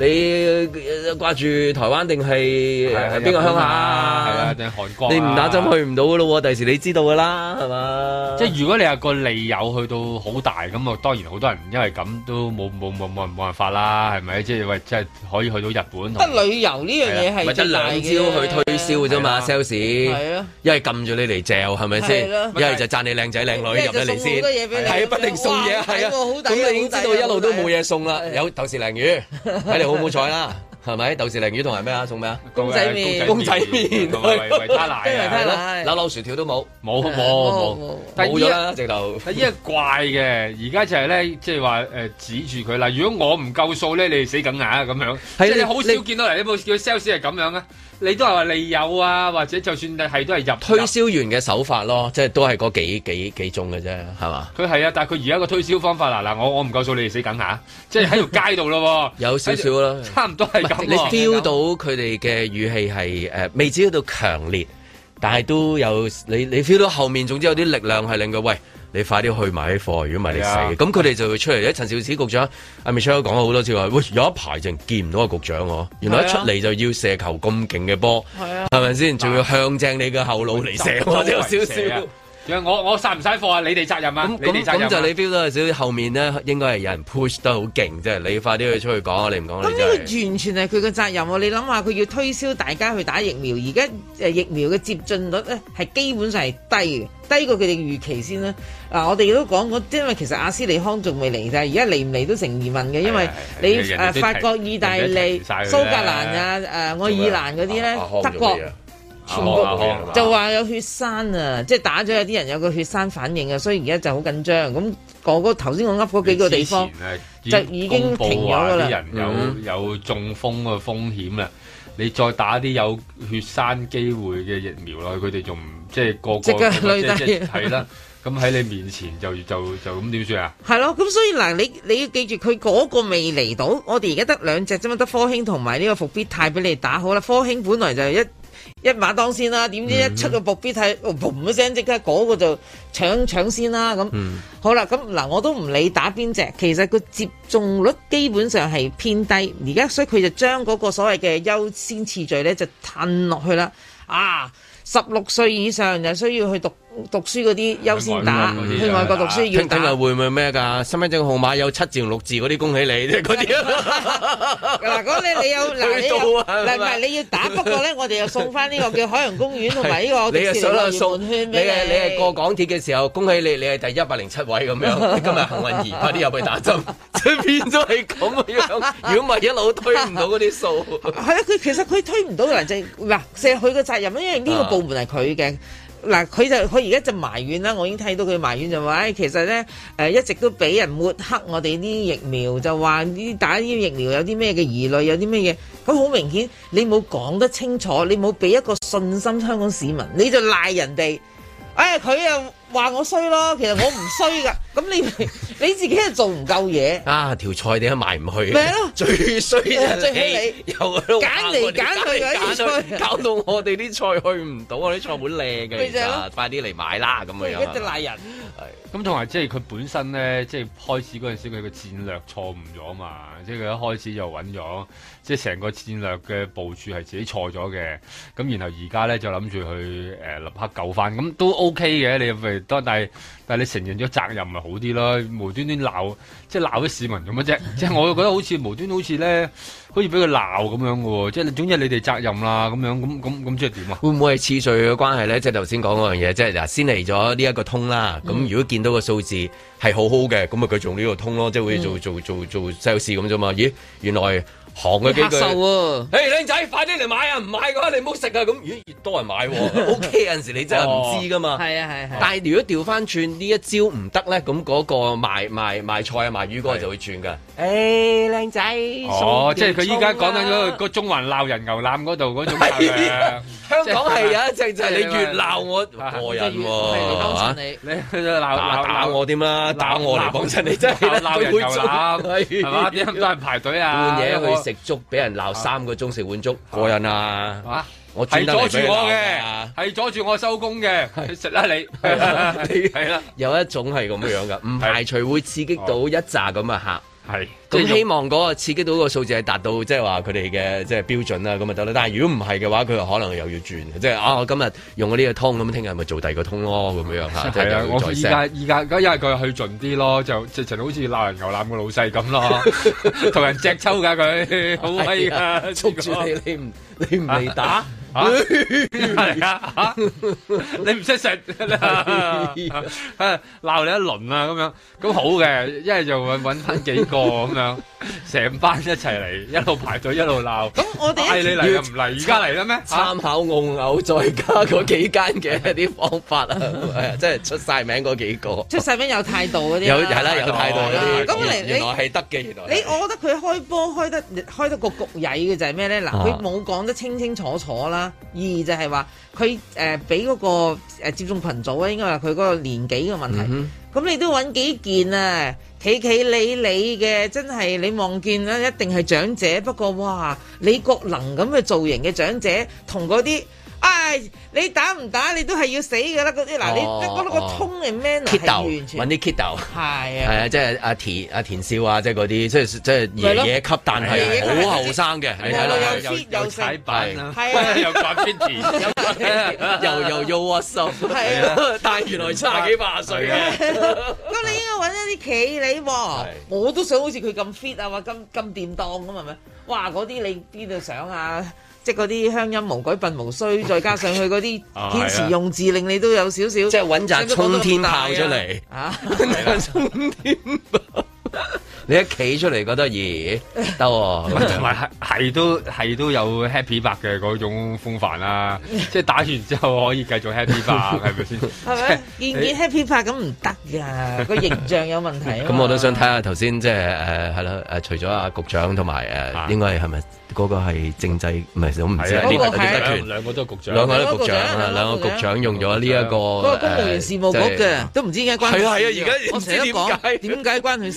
你掛住台灣定係邊個鄉下？啊，定係、啊、韓國、啊、你唔打針去唔到噶咯喎！第時你知道噶啦，係嘛？即係如果你有個利誘去到好大，咁啊當然好多人因為咁都冇冇冇冇冇辦法啦，係咪？即係喂，即係可以去到日本同得旅遊呢樣嘢係。咪得冷招去推銷嘅啫嘛，sales。係啊。一係撳住你嚟嚼係咪先？係咯。一係就讚你靚仔靚女入咗嚟先。係不斷送嘢係啊。咁你已經知道一路都冇嘢送啦，有頭時鯪魚 好冇彩啦，係咪豆豉鯪魚同埋咩啊？送咩啊？公仔麵、公仔麵、維他奶、維他奶，柳柳薯條都冇，冇冇冇，但依一就依一怪嘅，而家就係咧，即係話誒指住佢啦。如果我唔夠數咧，你死梗硬咁樣。係啦，好少見到嚟，有冇叫 sales 係咁樣啊？你都係話你有啊，或者就算係都係入。推銷員嘅手法咯，即係都係嗰幾幾幾種嘅啫，係嘛？佢係啊，但佢而家個推銷方法嗱嗱，啊，我我唔夠數，你哋死梗下，即係喺條街度咯喎。 有少少咯，差唔多係咁。你 feel 到佢哋嘅語氣係，呃、未至於到強烈，但係都有你你 feel 到後面，總之有啲力量係令佢喂。你快啲去買啲貨，如果唔係你死。咁佢哋就會出嚟。阿、yeah. 陳肇始局長，阿 Michelle 講咗好多次話，喂，有一排就見唔到個局長喎、啊。原來一出嚟就要射球咁勁嘅波，係咪先？仲要向正你嘅後腦嚟射我，我都、啊、有少少。我我晒唔晒貨啊？你哋責任啊！咁咁、啊、就你 feel 到有少少後面呢，應該係有人 push 得好勁，即係你快啲去出去講啊！你唔講，咁呢、那個完全係佢嘅責任喎！你諗下，佢要推銷大家去打疫苗，而家疫苗嘅接種率咧係基本上係低嘅，低過佢哋預期先啦、嗯啊。我哋都講過，因為其實阿斯利康仲未嚟嘅，而家嚟唔嚟都成疑問嘅，因為你誒、啊啊、法國、意大利、蘇格蘭啊、愛、啊、爾、啊、蘭嗰啲咧，德國。啊啊啊啊啊、就話有血栓啊！即、就、係、是、打咗有啲人有個血栓反應啊，所以而家就好緊張。咁個個頭先我噏嗰幾個地方，就已經停咗啦。啲人有有中風嘅風險啦、嗯。你再打啲有血栓機會嘅疫苗咯，佢哋仲即係個個即係即啦。咁喺你面前就就就咁點算啊？係咯，咁所以嗱，你你要記住，佢嗰個未嚟到，我哋而家得兩隻啫嘛，得科興同埋呢個復必泰俾你打好啦。科興本來就一。一馬當先啦、啊，點知一出個復必泰，砰、mm、一 -hmm. 聲即刻嗰個就搶搶先啦、啊、咁。Mm -hmm. 好啦，咁嗱我都唔理打邊隻，其實個接種率基本上係偏低，而家所以佢就將嗰個所謂嘅優先次序咧就褪落去啦。啊，十六歲以上就需要去讀。讀書嗰啲優先打，去外國讀書要打。聽日下會唔會咩噶？身份證號碼有七字同六字嗰啲，恭喜你！嗱，嗰 啲 你，你有嗱你唔係你要打，不過咧我哋又送翻呢個叫海洋公園同埋呢個。你又想啊送券俾你？你係過港鐵嘅時候，恭喜你，你係第一百零七位咁樣。 今日幸運兒，快啲入去打針。 就變咗係咁啊。如果唔係一路推唔到嗰啲數。係啊，佢其實佢推唔到人，即係嗱，係佢嘅責任，因為呢個部門係佢嘅。 嗱，佢就佢而家就埋怨啦，我已經睇到佢埋怨就話，唉、哎，其實呢，呃、一直都俾人抹黑我哋啲疫苗，就話啲打啲疫苗有啲咩嘅疑慮，有啲咩嘢，佢好明顯，你冇講得清楚，你冇俾一個信心香港市民，你就賴人哋，唉、哎，佢又。話我衰咯，其實我唔衰噶，咁 你你自己又做唔夠嘢啊！條菜點解賣唔去？咩、就、咯、是？最衰就最起你，又揀嚟揀去搞到我哋啲菜去唔到啊！啲 菜盤靚嘅而快啲嚟買啦！咁啊，又、就是、一直賴人。咁同埋即係佢本身咧，即、就、係、是、開始嗰陣時佢嘅戰略錯誤咗嘛，即係佢一開始就揾咗。即係成個戰略嘅部署係自己錯咗嘅，咁然後而家咧就諗住去誒、呃、立刻救翻，咁都 OK 嘅。你咪但係但係你承認咗責任咪好啲咯？無端端鬧，即係鬧啲市民咁嘅啫？ 即係我又覺得好似無端端好似咧，好似俾佢鬧咁樣喎。即係總之是你哋責任啦、啊，咁樣咁咁咁即係點啊？會唔會係次序嘅關係咧？即係頭先講嗰樣嘢，即係嗱先嚟咗呢一個通啦。咁、嗯、如果見到個數字係好好嘅，咁咪佢做呢個通咯，即係好似做做做做細事咁啫嘛。咦，原來～行佢幾句，誒，靚、欸、仔，快啲嚟買啊！唔買嘅話、啊，你唔好食啊！咁如果越多人買、啊、 ，O、OK, K，有陣時你真係唔知噶嘛。係、哦、啊係係、啊啊。但係如果調翻轉呢一招唔得咧，咁嗰個賣賣賣菜啊賣魚嗰個就會轉噶。誒、啊，靚、欸、仔、啊，哦，即係佢依家講緊嗰個中環鬧人牛腩嗰度嗰種 香港係有一隻，就係、是啊啊啊啊、你越鬧我過癮喎，你你佢鬧鬧打我點啦，打我嚟講真，你真係對每桌係嘛，點解多人排隊啊？半夜去食粥，俾人鬧三個鐘食碗粥過癮啊！嚇、啊啊，我阻住我嘅，係阻住我收工嘅，食啦、啊啊你，啊、你，係啦、啊啊啊啊啊啊，有一種係咁嘅樣噶，唔排除會刺激到一紮咁嘅客。係，咁希望嗰個刺激到個數字係達到，即係話佢哋嘅即係標準啦，咁咪得啦。但係如果唔係嘅話，佢可能又要轉，即係啊，我今日用我呢個湯咁，聽日咪做第二個湯咯，咁樣吓。係啊，我依家依家，因為佢去盡啲咯，就直情好似鬧人牛腩嘅老細咁咯，同 人隻抽噶，佢好 威噶、啊，捉住你，你唔你唔嚟打。啊啊係啊，嚇、 啊啊！你唔識食啦，鬧、啊啊啊啊、你一輪啦咁樣，咁好嘅， 一係就揾揾翻幾個咁樣，成班一齊嚟，一路排隊一路鬧。咁我哋嗌你嚟又唔嚟，而家嚟啦咩？參考澳牛，再加嗰幾間嘅一啲方法 啊，即 係出晒名嗰幾個， 出晒名有態度嗰啲、啊，有係啦，有態度啲、啊。咁 你原來係得嘅，原來，原來你。你我覺得佢開波開得開得個局曳嘅就係咩咧？嗱、啊，佢冇講得清清楚楚啦。二就係話佢誒俾嗰個誒、呃、接種群組咧，應該話佢嗰個年紀嘅問題。咁、嗯、你都揾幾件啊，企企理理嘅，真係你望見一定係長者。不過哇，李國能咁嘅造型嘅長者，同嗰啲。唉、哎，你打唔打？你都係要死噶啦！嗰啲嗱，你嗰度個 tone and manner 完全揾啲 kiddo，係啊，係、哎、啊，即係阿田阿田少啊，即係嗰啲，即係即係爺爺級，但係好後生嘅，係睇啦，又 fit 又體板、啊啊，又 又 f 又又又 w、awesome、 是啊， 但係原來差幾百歲啊！咁 你應該揾一啲企理喎， 我都想好似佢咁 fit 啊嘛，咁咁掂當咁係咪？哇！嗰啲你邊度想啊？嗰啲鄉音無改鬢毛衰，再加上佢嗰啲堅持用字令、 哦、你都有少少，即係搵扎沖天炮出嚟啊！沖、啊、天 是的 是的 你一企出嚟覺得咦，得、 啊，同埋係都係都有 happy 白嘅嗰種風範啦、啊。即 係打完之後可以繼續 happy 白 不是，係咪先？係 咪、啊？漸漸 happy 白咁唔得噶，個形象有問題、啊。咁 我都想睇下頭先，即係誒係咯，誒、呃、除咗阿局長同埋誒，應該係咪？是嗰、那個係政制唔係，我唔知啊。呢、那個係、啊、兩個都係局長，兩個都局長，兩個局長用咗呢一個誒，公務員事務局嘅、這個那個呃就是，都唔知點解關佢事。係係啊，而家、啊、我成日都講點解關佢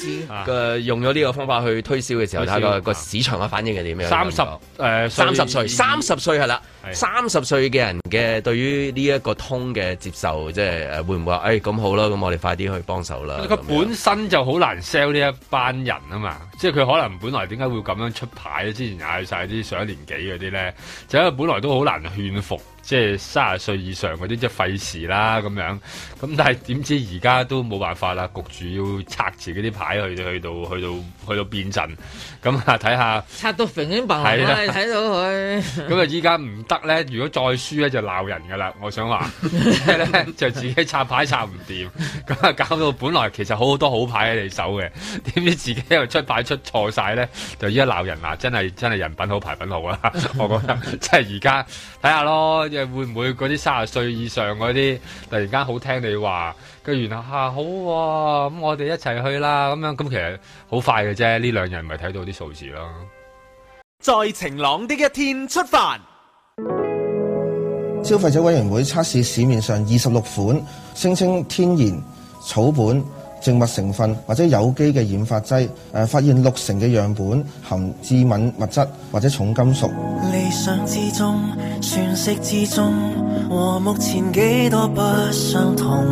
事？用咗呢個方法去推銷嘅時候，睇、啊那個、那個市場嘅反應係點樣？三十誒，三、呃、十歲，三十歲係啦。三十歲嘅人嘅對於呢一個通嘅接受，即係誒會唔會話誒咁好啦？咁我哋快啲去幫手啦。佢本身就好難 sell 呢一班人啊嘛，即係佢可能本來點解會咁樣出牌，之前嗌晒啲上一年紀嗰啲咧，就因為本來都好難勸服。即係卅歲以上嗰啲，即係費事啦咁樣。咁但係點知而家都冇辦法啦，焗住要拆自己嗰啲牌去去到去到去到變陣。咁啊，睇下拆到平天白啦，睇到佢。咁啊，依家唔得咧，如果再輸咧就鬧人噶啦。我想話咧 就自己拆牌拆唔掂，咁 啊搞到本來其實好多好牌喺你手嘅，點知自己又出牌出錯晒咧，就依家鬧人啦！真係真係人品好牌品好啊！我覺得， 即係而家。睇下咯，又會唔會嗰啲三十歲以上嗰啲突然間好聽你話，跟住原來嚇、啊、好咁、啊，我哋一齊去啦咁樣咁，其實好快嘅啫。呢兩日咪睇到啲數字咯。在晴朗的一天出發，消費者委員會測試市面上二十六款聲稱天然草本。植物成分或者有機嘅染髮劑，誒、呃、發現六成嘅樣本含致敏物質或者重金屬。理想之中，宣泄之中，和目前幾多不相同。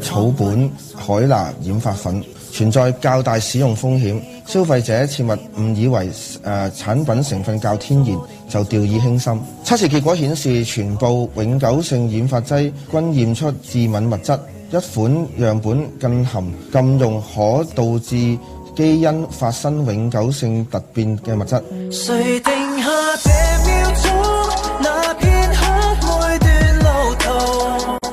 草本海娜染髮粉存在較大使用風險，消費者切勿誤以為誒、呃、產品成分較天然就掉以輕心。測試結果顯示，全部永久性染髮劑均驗出致敏物質。一款樣本更含禁用，更容可導致基因發生永久性突變嘅物質。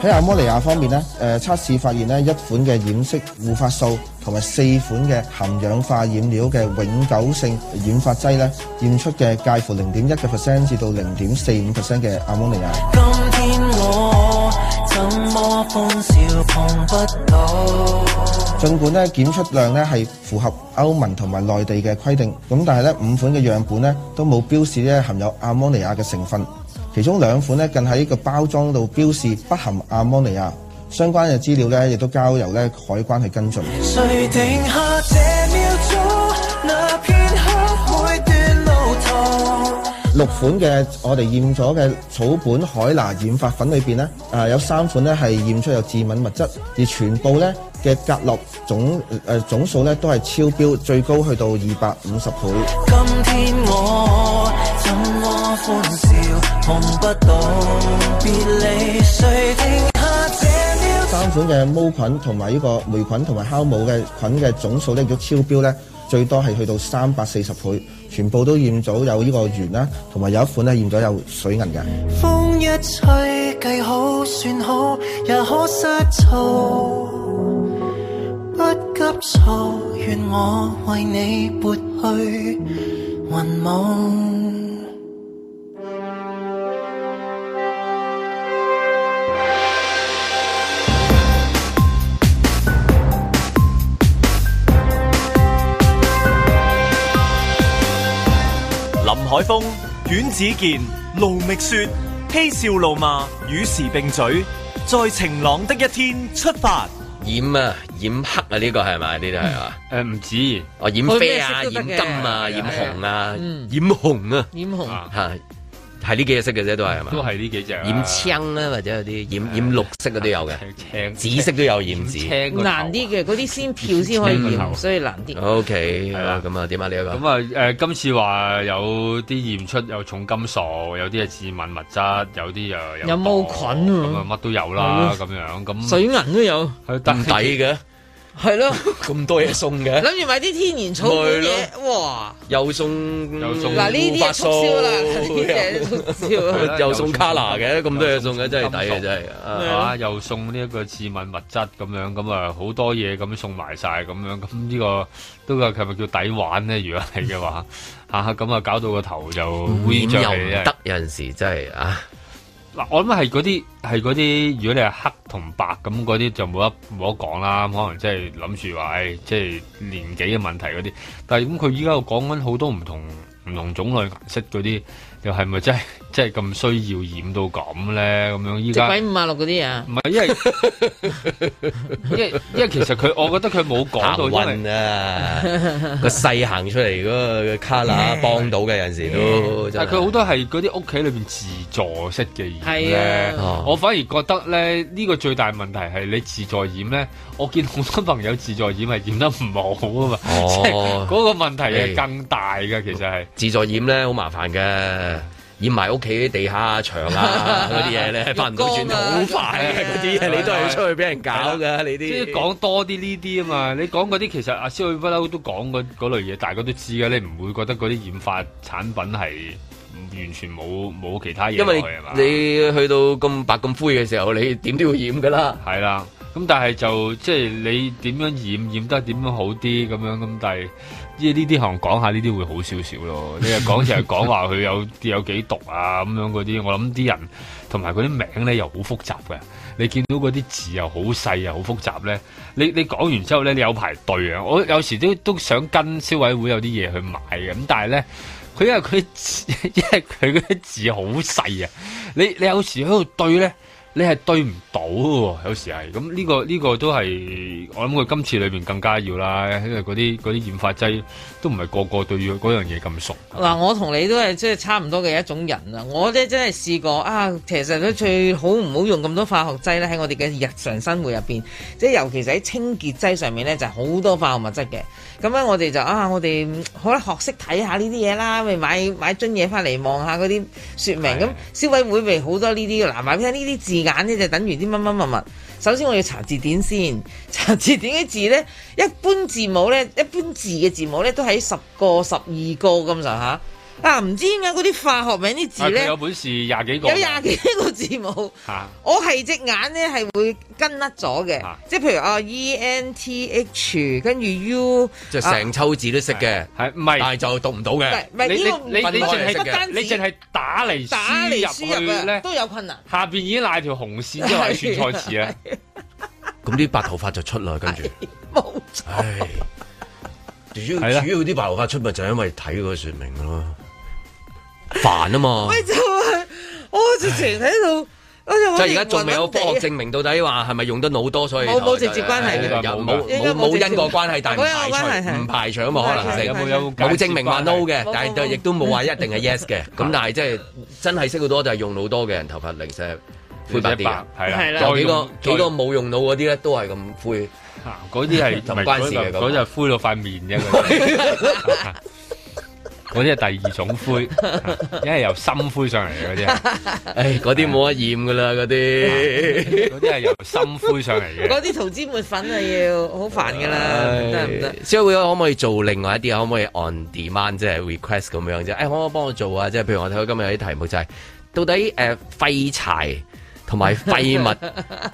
喺阿摩尼亞方面咧，誒、呃、測試發現咧，一款嘅染色護髮素同埋四款嘅含氧化染料嘅永久性染髮劑咧，驗出嘅介乎零點一嘅 percent 至到零點四五 percent 嘅阿摩尼亞。儘管咧檢出量咧係符合歐盟同埋內地嘅規定，咁但係咧五款嘅樣本咧都冇標示咧含有阿摩尼亞嘅成分，其中兩款更喺一個包裝度標示不含阿摩尼亞，相關嘅資料咧亦都交由咧海關去跟進。六款嘅我哋驗咗嘅草本海娜染髮粉裏面呢，啊有三款呢係驗出有致敏物質，而全部呢嘅甲醛總誒總數呢都係超標，最高去到二百五十倍。三款嘅毛菌同埋呢個霉菌同埋酵母嘅菌嘅總數呢都超標呢。最多係去到三百四十倍，全部都驗咗有呢個鉛啦，同埋有一款咧驗咗有水銀嘅。風一吹計好算好，也可失措不急躁，願我為你撥去雲霧海峰、阮子健、盧覓雪、嬉笑怒罵，與時並嘴，在晴朗的一天出發。染啊，染黑啊，呢、這個係咪？呢啲係嘛？誒，唔、呃、止，哦，我染啡啊，染金啊，染紅啊，染紅啊，嗯、染紅、啊，啊係呢幾隻色嘅啫，都係係嘛？都係呢幾隻染，啊、青啦，或者、啊啊 uh, 有啲染染綠色嘅都有嘅。青紫色都有染紫。難啲嘅嗰啲先漂先可以染，所以難啲。OK，咁啊點啊呢一個？咁啊誒，今次話有啲驗出有重金屬，有啲係致敏物質，有啲又又有冇菌，咁啊乜都有啦，咁樣咁。水銀都有，唔抵嘅。係咯，咁 多嘢送嘅，諗住買啲天然草嘅嘢，哇！又送又送，嗱呢啲促銷啦，呢啲嘢又送卡拿嘅，咁 多嘢送嘅真係抵啊，真係啊！又送呢一個致敏物質咁樣，咁啊好多嘢咁送埋晒咁樣，咁呢個都係係咪叫抵玩咧？如果係嘅話，吓咁 啊搞到個頭就污染，嗯、又得，有陣時真係啊！嗱，我諗係嗰啲係嗰啲，如果你係黑同白咁，嗰啲就冇得冇得講啦，可能即係諗住話，即、哎、係、就是、年紀嘅問題嗰啲。但係咁佢依家又講緊好多唔同唔同種類顏色嗰啲，又係咪真係？即係咁需要染到咁咧，咁樣依家五啊六嗰啲啊，唔係，因為 因為因為其實佢，我覺得佢冇講到，因為個細行、啊、 出嚟嗰個卡啦，l 幫到嘅，yeah, 有陣時都 yeah, 但佢好多係嗰啲屋企裏邊自助式嘅嘢咧，yeah, 我反而覺得咧呢、這個最大問題係你自助染咧，我見好多朋友自助染係染得唔好啊嘛，oh, 即係嗰個問題係更大嘅，yeah, 其實係自助染咧好麻煩嘅。染埋屋企啲地下啊牆啊嗰啲嘢咧，翻到轉好快嘅嗰啲嘢，你都係要出去俾人搞㗎、啊。你啲，即係講多啲呢啲啊嘛。 你講嗰啲其實阿蕭宇不嬲都講嗰嗰類嘢，大家都知噶。你唔會覺得嗰啲染髮產品係完全冇冇其他嘢？因為你，去，你去到咁白咁灰嘅時候，你點都要染噶啦。係啦、啊。咁、嗯、但係就即係你點樣驗驗得點樣好啲咁樣咁，但係呢啲行講下呢啲會好少少咯。 你係講就係講話佢有有幾毒啊咁樣嗰啲，我諗啲人同埋嗰啲名咧又好複雜嘅。你見到嗰啲字又好細又好複雜咧，你你講完之後咧你有排對啊！我有時都都想跟消委會有啲嘢去買嘅，咁但係咧佢因為佢因為佢嗰啲字好細啊，你你有時喺度對咧。你係對唔到喎，有時係咁呢個呢個都係我諗佢今次裏邊更加要啦，因為嗰啲嗰啲染髮劑都唔係個個對嗰樣嘢咁熟。嗱，我同你都係即係差唔多嘅一種人啊！我咧真係試過啊，其實都最好唔好用咁多化學劑咧喺我哋嘅日常生活入邊，即係尤其是喺清潔劑上面咧就係好多化學物質嘅。咁咧，我哋就啊，我哋好啦，學識睇下呢啲嘢啦，咪買買樽嘢翻嚟望下嗰啲說明。咁消委會咪好多呢啲嘅，嗱，買翻呢啲字眼呢就等於啲乜乜物物。首先我要查字典先，查字典嘅字呢，一般字母呢，一般字嘅字母呢，都喺十個十二個咁上下。啊啊，唔知點解嗰啲化學名啲字咧，啊、有本事廿幾個，有廿幾個字母、啊，我係隻眼咧係會跟甩咗嘅，即係譬如啊、uh,，E N T H，跟住 U，就成抽字都識嘅，係唔係？但係就讀唔到嘅，唔係呢個唔困難，你淨係打嚟輸入咧，都有困難。下邊已經拉條紅線，因為係串錯字啊！咁啲白頭髮就出嚟，跟、嗯、住，唉、嗯，主要啲 白頭髮出咪就係因為睇嗰個説明咯。煩啊嘛，喂就係、是、我直情喺度，我就即係而家仲未有科學證明到底話係咪用得腦多所以，我冇直接關係冇冇因果關係，但係唔排除，唔排除咁啊可能性，冇證明話 no 嘅，但係亦都冇話一定係 yes 嘅，咁但係即係真係識好多就係用腦多嘅人頭髮零舍灰白啲，係啦，嗯、多幾個多幾個冇用腦嗰啲咧都係咁灰，嗰啲係唔關事嘅，嗰日、那個那個、灰到塊面一嗰啲係第二種灰，因 係由深灰上嚟嘅嗰啲。唉 哎，嗰啲冇得厭㗎喇，嗰啲。嗰啲係由深灰上嚟。嗰啲塗脂抹粉係要好煩㗎喇，得唔得？我可唔可以做另外一啲？ 可唔可以 on demand，即係 request 咁樣啫？誒、哎，可唔可以幫我做啊？即、就、係、是、譬如我睇到今日有啲題目就係、是，到底誒、呃、廢柴。同埋廢物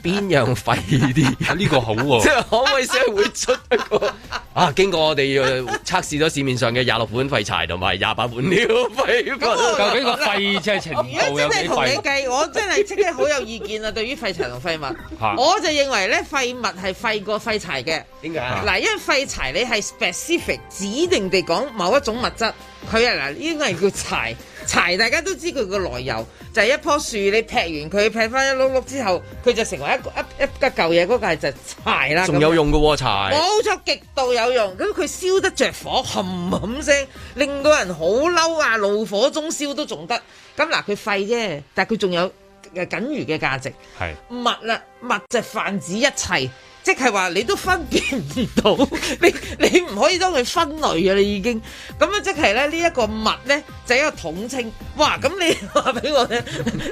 邊樣廢啲？呢、 啊呢個好喎、啊，即係可唔可以先會出一個啊？經過我哋測試咗市面上嘅廿六款廢柴同埋廿八款料廢物。廢，咁究竟個廢即係程度有幾廢？如果真係同你計，我，我，我，廢我真係即係好有意見啊！對於廢柴同廢物， 我就認為咧廢物係廢過廢柴嘅。點解？嗱，因為廢柴你係 specific 指定地講某一種物質，佢係嗱呢個係叫柴。柴大家都知佢個來由，就係、是、一棵樹你完劈完佢劈翻一碌碌之後，佢就成為一個一個一嚿舊嘢，嗰嚿係就柴啦。仲有用嘅喎、啊、柴，冇錯，極度有用。咁佢燒得着火，冚冚聲，令到人好嬲啊，怒火中燒都仲得。咁嗱，佢廢啫，但係佢仲有誒僅餘嘅價值。係物啦，物就泛指一切。即係話你都分辨唔到，你你唔可以將佢分類啊！你已經咁啊，即係咧呢一個物咧就係一個統稱。哇！咁你話俾我聽，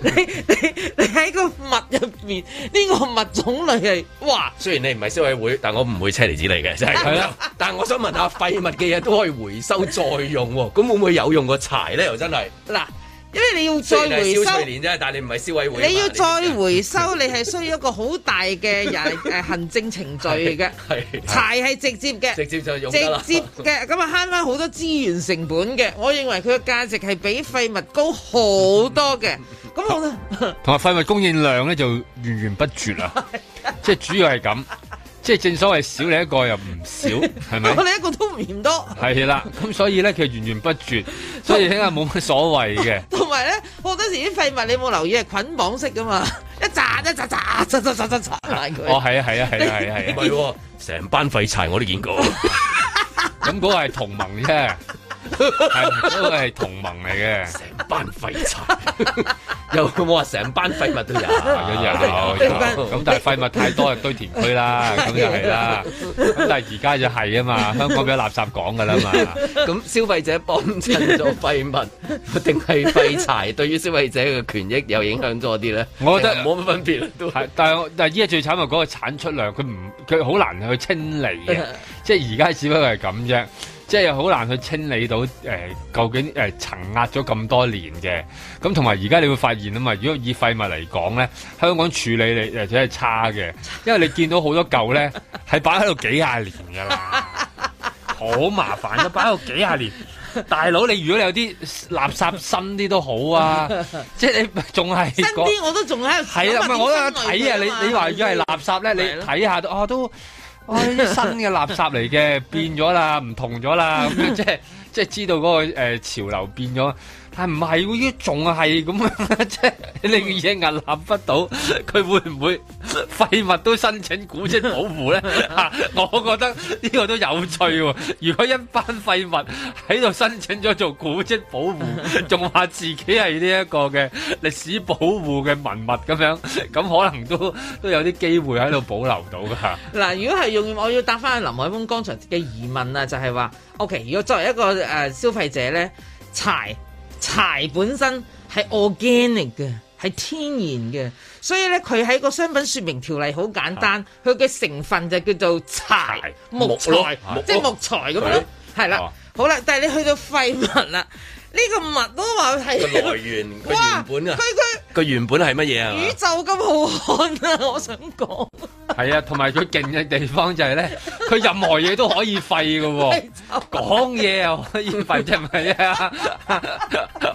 你你你喺個物入面呢、呢個物種類係哇？雖然你唔係消委會，但我唔會車厘子嚟嘅，即係係啦。 但係我想問下，廢物嘅嘢都可以回收再用，咁會唔會有用個柴咧？又真係嗱。 因為你要再回收，是年但你，唔係委會你要再回收， 你係需要一個好大嘅人誒行政程序嘅。係 柴係直接嘅，直接就用得啦，直接嘅咁啊，慳翻好多資源成本嘅。我認為佢嘅價值係比廢物高好多嘅。咁好啦，同埋廢物供應量咧就源源不絕啊， 即係主要係咁。即係正所謂少你一個又唔少，係 咪是吧？ 我哋一個都唔嫌多。 係啦，咁所以咧，佢源源不絕，所以應該冇乜所謂嘅。同埋係咧，我當時啲廢物你冇留意係捆綁式噶嘛，一扎一扎扎扎扎扎扎紮佢。啊、 哦，係啊，係啊，係啊，係 係是、啊。唔係喎，成班廢柴我都見過。咁 嗰 個係同盟啫。 係， 知佢係同盟嚟嘅，成班廢柴， 又我話成班廢物都有，咁、啊、但係廢物太多， 堆填區啦，咁就係啦。咁但係而家就係啊嘛，香港有垃圾港噶啦嘛。咁 消費者幫襯咗廢物，定係廢柴，對於消費者嘅權益有影響咗啲咧？我覺得冇乜分別，都 係。但係但係依家最慘就嗰、那個產出量，佢唔，佢好難去清理嘅。 即係而家只不過係咁啫。即係好難去清理到誒、呃，究竟誒層壓咗咁多年嘅，咁同埋而家你會發現啊嘛，如果以廢物嚟講咧，香港處理嚟誒真係差嘅，因為你見到好多嚿咧係擺喺度幾廿年噶啦，好 麻煩啊，擺喺度幾廿年， 大佬你如果你有啲垃圾新啲都好、 那個、都啊，即係你仲係新啲我都仲喺度，係啊，唔係我喺度睇啊，你你話如果係垃圾咧，你睇下都都。我、 哎、新嘅垃圾嚟嘅，變咗啦，唔同咗啦，咁樣 即係即係知道嗰、嗰個、呃、潮流變咗。係唔係？喎，依仲係咁啊！即係你嘅嘢屹立不倒，佢會唔會廢物都申請古蹟保護咧？吓、 啊，我覺得呢個都有趣喎。如果一班廢物喺度申請咗做古蹟保護，仲話自己係呢一個嘅歷史保護嘅文物咁樣，咁可能都都有啲機會喺度保留到㗎。嗱，如果係用我要答翻林海峰剛才嘅疑問啊，就係、是、話，OK，如果作為一個誒消費者咧，柴。柴本身係 organic 嘅，係天然嘅，所以咧佢喺個商品說明條例好簡單，佢嘅成分就叫做柴木材，即係木材咁樣咯，係、哦、啦、哦，好啦，但係你去到廢物啦，呢、這個物都話係來源，哇，佢佢佢原本係乜嘢啊？宇宙咁浩瀚啊，我想講。係 啊，同埋佢勁嘅地方就係咧，佢任何嘢都可以廢嘅喎、哦，講嘢又、， 啊、又可以廢，即係咪啊？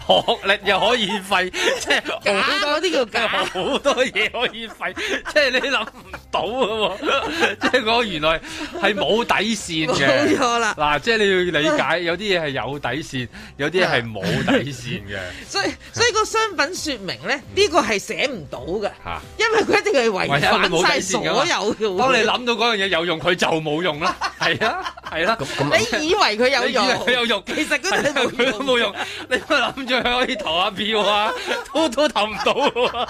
學歷又可以廢，即係好多呢個好多嘢可以廢，即係你諗唔到㗎喎。即係講原來係冇底線嘅。冇錯啦。嗱、啊，即、就、係、是、你要理解， 有啲嘢係有底線，有啲嘢係冇底線嘅。 所以所以個商品說明咧，呢、嗯這個係寫唔到嘅，因為佢一定係違反曬所、哎、有。當你諗到嗰樣嘢有用，佢就冇用啦。係 啊，係啦、啊嗯。你以為佢有用，佢有用，其實佢都冇用、啊、用。 你諗住可以投下票啊，都 都投唔到、啊。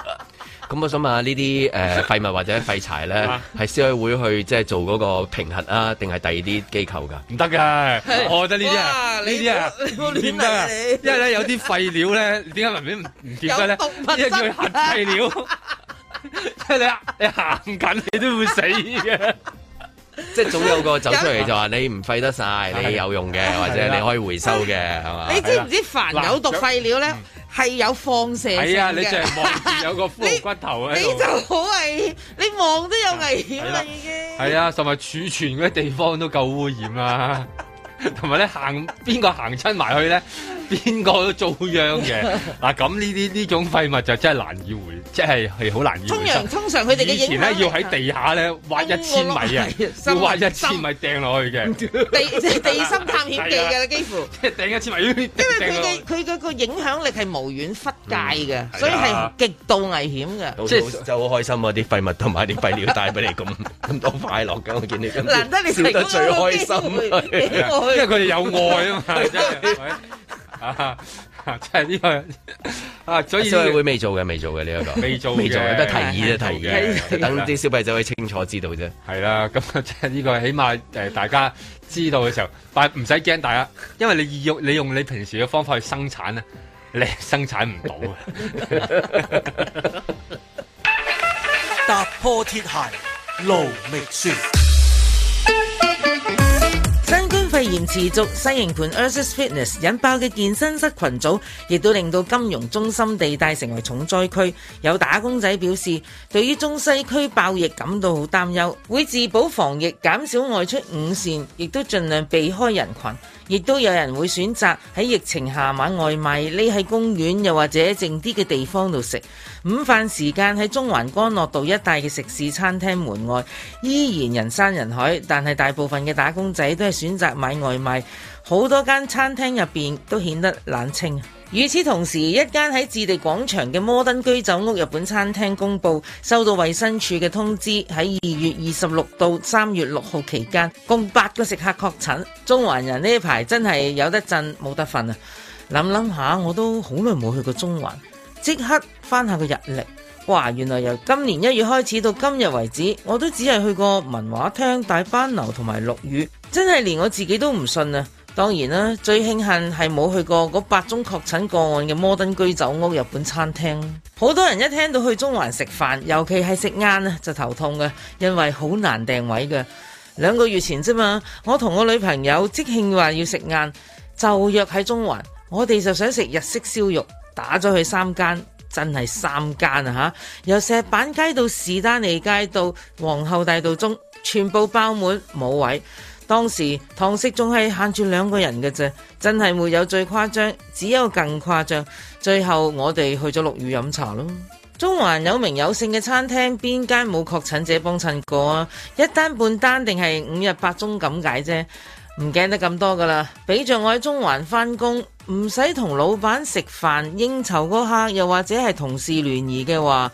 咁我想問下呢啲誒廢物或者廢柴咧，係消委會去即係、就是、做嗰個平衡啊，定係第二啲機構噶？唔得嘅，我覺得呢啲啊，呢啲啊，點得、啊？因為咧有啲廢料咧，點解明明唔唔掂嘅咧？呢個叫核廢料。 即 係你，你行緊你都會死嘅， 即係總有個走出嚟就話你唔廢得晒，你有用嘅或者你可以回收嘅係嘛？你知唔知凡有毒廢料咧係、嗯、有放射性嘅？ 你淨係望住有個骷髏骨頭啊，你就好係你望都有危險嘅，係啊，同埋儲存嗰啲地方都夠污染啊，同埋咧行邊個行親埋去咧？邊個都遭殃嘅嗱，咁呢啲呢種廢物就真係難以回，即係係好難以。通常通常佢哋嘅以前咧要喺地下咧挖一千米啊，要挖一千米掟落去嘅地地心探險記嘅啦，幾乎掟一千米。因為佢嘅佢嘅個影響力係無遠忽界嘅，所以係極度危險嘅。即就好開心啊！啲廢物同埋啲廢料帶俾你咁咁多快樂嘅，我見你咁難得你笑得最開心。因為佢哋有愛啊嘛。啊，即係呢個啊，所以小費會未做嘅，未做嘅呢一個，未做嘅，都提議啫，提議，等啲消費者可以清楚知道啫。係啦，咁即係呢個起碼誒，大家知道嘅時候，但係唔使驚大家，因為你用你用你平時嘅方法去生產咧，你生產唔到嘅。踏破鐵鞋無覓處。持續西營盤 Ursus Fitness 引爆嘅健身室群組，亦都令到金融中心地帶成為重災區。有打工仔表示，對於中西區爆疫感到好擔憂，會自保防疫，減少外出午膳，亦都盡量避開人群。亦都有人會選擇喺疫情下買外賣，匿喺公園又或者靜啲嘅地方度食。午飯時間喺中環干諾道一帶嘅食肆餐廳門外依然人山人海，但係大部分嘅打工仔都係選擇買外賣，好多間餐廳入面都顯得冷清。與此同時，一間喺置地廣場嘅摩登居酒屋日本餐廳公佈，收到衛生署嘅通知，喺二月二十六到三月六號期間，共八個食客確診。中環人呢排真係有得震冇得瞓啊！諗諗下，我都好耐冇去過中環，即刻翻下個日曆，哇！原來由今年一月開始到今日為止，我都只係去過文華廳、大班樓同埋陸羽，真係連我自己都唔信啊！當然啦，最慶幸係冇去過嗰八宗確診個案嘅摩登居酒屋日本餐廳。好多人一聽到去中環食飯，尤其係食晏，就頭痛嘅，因為好難訂位嘅。兩個月前啫嘛，我同我女朋友即興話要食晏，就約喺中環，我哋就想食日式燒肉，打咗去三間，真係三間啊嚇，由石板街到士丹利街到皇后大道中，全部爆滿，冇位。當時堂食仲係限住兩個人嘅啫，真係沒有最誇張，只有更誇張。最後我哋去咗陸羽飲茶咯。中環有名有姓嘅餐廳邊間冇確診者幫襯過啊？一單半單定係五日八鐘咁解啫，唔驚得咁多噶啦。俾著我喺中環返工，唔使同老闆食飯應酬嗰刻，又或者係同事聯誼嘅話。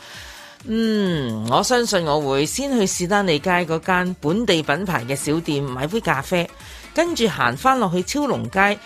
嗯，我相信我會先去士丹利街嗰間本地品牌嘅小店買杯咖啡，跟住行翻落去超龍街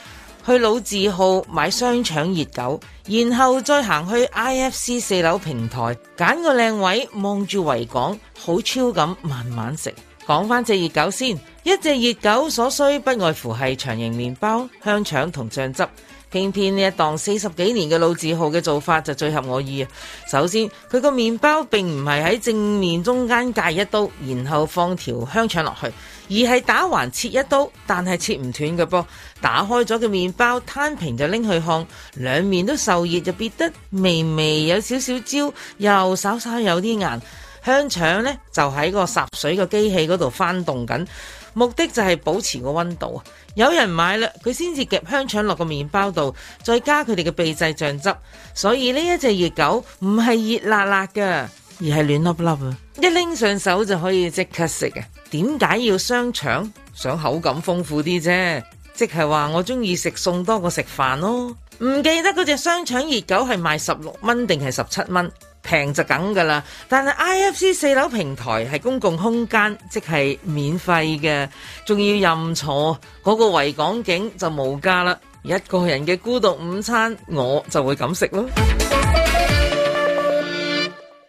去老字號買雙腸熱狗，然後再行去 IFC 四樓平台揀個靚位望住維港，好超咁慢慢食。講翻隻熱狗先，一隻熱狗所需不外乎係長形麵包、香腸同醬汁。偏偏呢一檔四十幾年嘅老字號嘅做法就最合我意啊！首先，佢個麵包並唔係喺正面中間界一刀，然後放條香腸落去，而係打橫切一刀，但係切唔斷嘅噃。打開咗嘅麵包攤平就拎去烘，兩面都受熱就變得微微有少少焦，又稍稍有啲硬。香腸呢，就喺個濕水嘅機器嗰度翻動緊。目的就係保持個温度。有人買啦，佢先至夾香腸落個麵包度，再加佢哋嘅秘製醬汁。所以呢一隻熱狗唔係熱辣辣嘅，而係暖粒粒啊！一拎上手就可以即刻食嘅。點解要雙腸？想口感豐富啲啫，即係話我中意食餸多過食飯咯。唔記得嗰隻雙腸熱狗係賣十六蚊定係十七蚊？平就梗噶啦，但係 I F C 四樓平台係公共空間，即係免費嘅，仲要任坐，嗰、那個維港景就無價啦！一個人嘅孤獨午餐，我就會咁食咯。